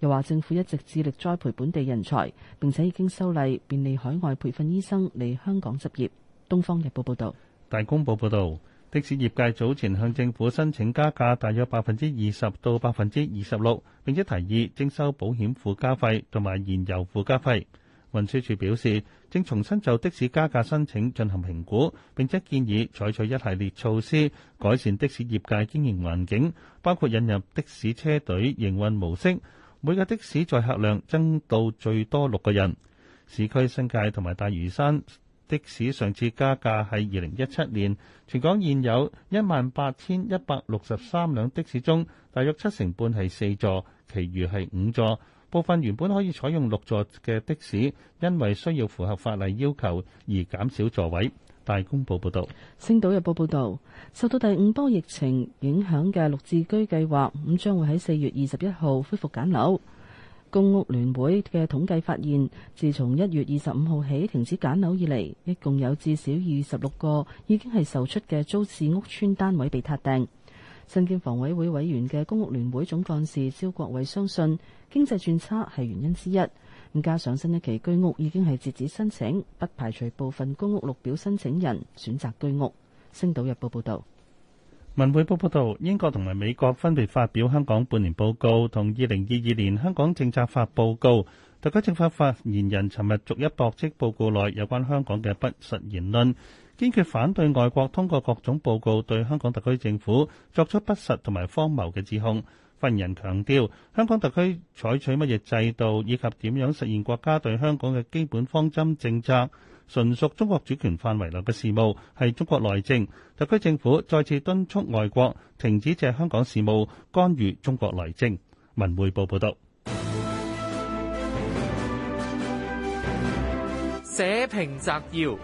又話政府一直致力栽培本地人才，並且已經修例便利海外培訓醫生嚟香港執業。《東方日報》報道，《大公報》報道，的士業界早前向政府申請加價大約百分之二十到百分之二十六，並且提議徵收保險附加費同埋燃油附加費。運輸署表示，正重新就的士加價申請進行評估，並且建議採取一系列措施改善的士業界經營環境，包括引入的士車隊營運模式，每個的士載客量增到最多六個人。市區新界同埋大嶼山的士上次加價係二零一七年。全港現有一萬八千一百六十三輛的士中，大約七成半係四座，其餘係五座。部分原本可以採用六座嘅的,的士，因為需要符合法例要求而減少座位。大公報報道，星島日報報道，受到第五波疫情影響嘅綠置居計劃，咁將會喺四月二十一號恢復揀樓。公屋聯會嘅統計發現，自從一月二十五號起停止揀樓以嚟，一共有至少二十六個已經係售出嘅租置屋邨單位被撻定。身兼房委會委員嘅公屋聯會總幹事肖國偉相信經濟轉差係原因之一，咁加上新一期居屋已經係截止申請，不排除部分公屋錄表申請人選擇居屋。星島日報報道，文匯報報道，英國同埋美國分別發表香港半年報告同二零二二年香港政策法報告，特區政府發言人尋日逐一駁斥報告內有關香港嘅不實言論。堅決反對外國通過各種報告對香港特區政府作出不實同埋荒謬嘅指控。發言人強調，香港特區採取乜嘢制度以及點樣實現國家對香港嘅基本方針政策，純屬中國主權範圍內嘅事務，係中國內政。特區政府再次敦促外國停止借香港事務干預中國內政。文匯報報道。社評摘要。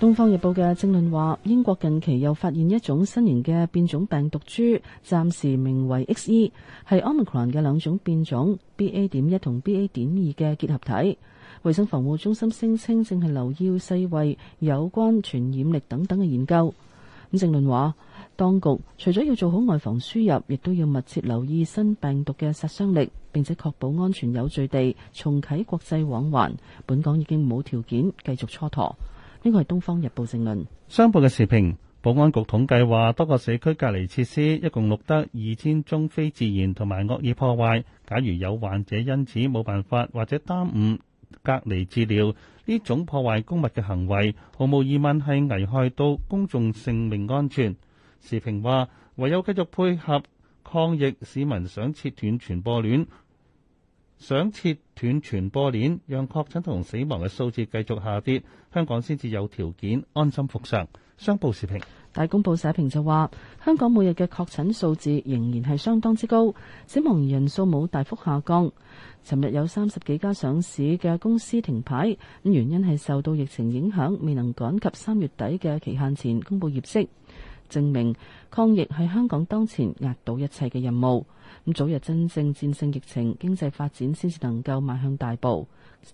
《東方日報》嘅政論話，英國近期又發現一種新型嘅變種病毒株，暫時名為 X.E，係 omicron 嘅兩種變種 B.A. 點一同 B.A. 點二嘅結合體。衛生防護中心聲稱正係留意世衛有關傳染力等等嘅研究。咁政論話，當局除咗要做好外防輸入，亦都要密切留意新病毒嘅殺傷力，並且確保安全有序地重啟國際往環。本港已經冇條件繼續蹉跎。呢個係《東方日報》正論。商報嘅時評，保安局統計話，多個社區隔離設施一共錄得二千宗非自然同埋惡意破壞。假如有患者因此冇辦法或者耽誤隔離治療，呢種破壞公物嘅行為，毫無疑問係危害到公眾性命安全。時評話，唯有繼續配合抗疫，市民想切斷傳播鏈想切斷傳播鏈，讓確診同死亡嘅數字繼續下跌，香港先至有條件安心復常。商報時評大公報社評就話：香港每日嘅確診數字仍然係相當之高，死亡人數冇大幅下降。尋日有三十幾家上市嘅公司停牌，原因係受到疫情影響，未能趕及三月底嘅期限前公布業績，證明抗疫係香港當前壓倒一切嘅任務。咁早日真正戰勝疫情，經濟發展，先至能夠邁向大步。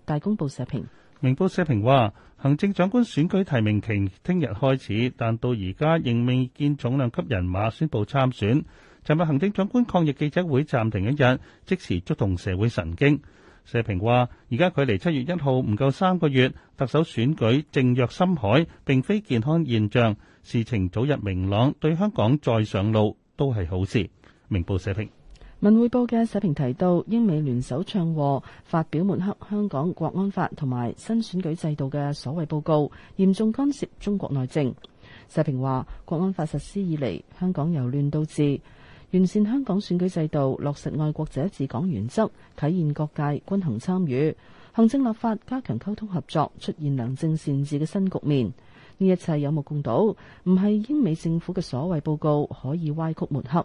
大公報社評，明報社評話，行政長官選舉提名期聽日開始，但到而家仍未見重量級人馬宣布參選。尋日行政長官抗疫記者會暫停一日，即時觸動社會神經。社評話，而家距離七月一號唔夠三個月，特首選舉正若深海，並非健康現象。事情早日明朗，對香港再上路都係好事。明報社評。文匯報嘅社評提到，英美聯手唱和，發表抹黑香港國安法同埋新選舉制度嘅所謂報告，嚴重干涉中國內政。社評話，國安法實施以嚟，香港由亂到治，完善香港選舉制度，落實愛國者治港原則，體現各界均衡參與，行政立法加強溝通合作，出現良政善治嘅新局面。呢一切有目共睹，唔係英美政府嘅所謂報告可以歪曲抹黑。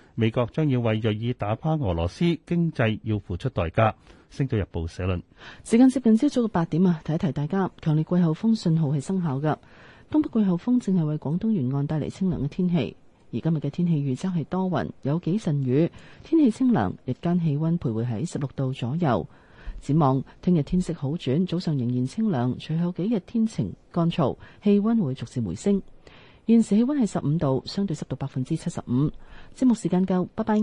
美國將要為銳意打垮俄羅斯經濟，要付出代價。星島日報社論。時間接近朝早嘅八點啊，提一提大家，強烈季候風信號係生效噶。東北季候風正係為廣東沿岸帶嚟清涼嘅天氣，而今日嘅天氣預測係多雲，有幾陣雨，天氣清涼，日間氣溫徘徊喺十六度左右。展望聽日天，天色好轉，早上仍然清涼，隨後幾日天晴乾燥，氣溫會逐漸回升。現時氣溫係十五度，相對濕度百分之七十五。節目時間夠，拜拜。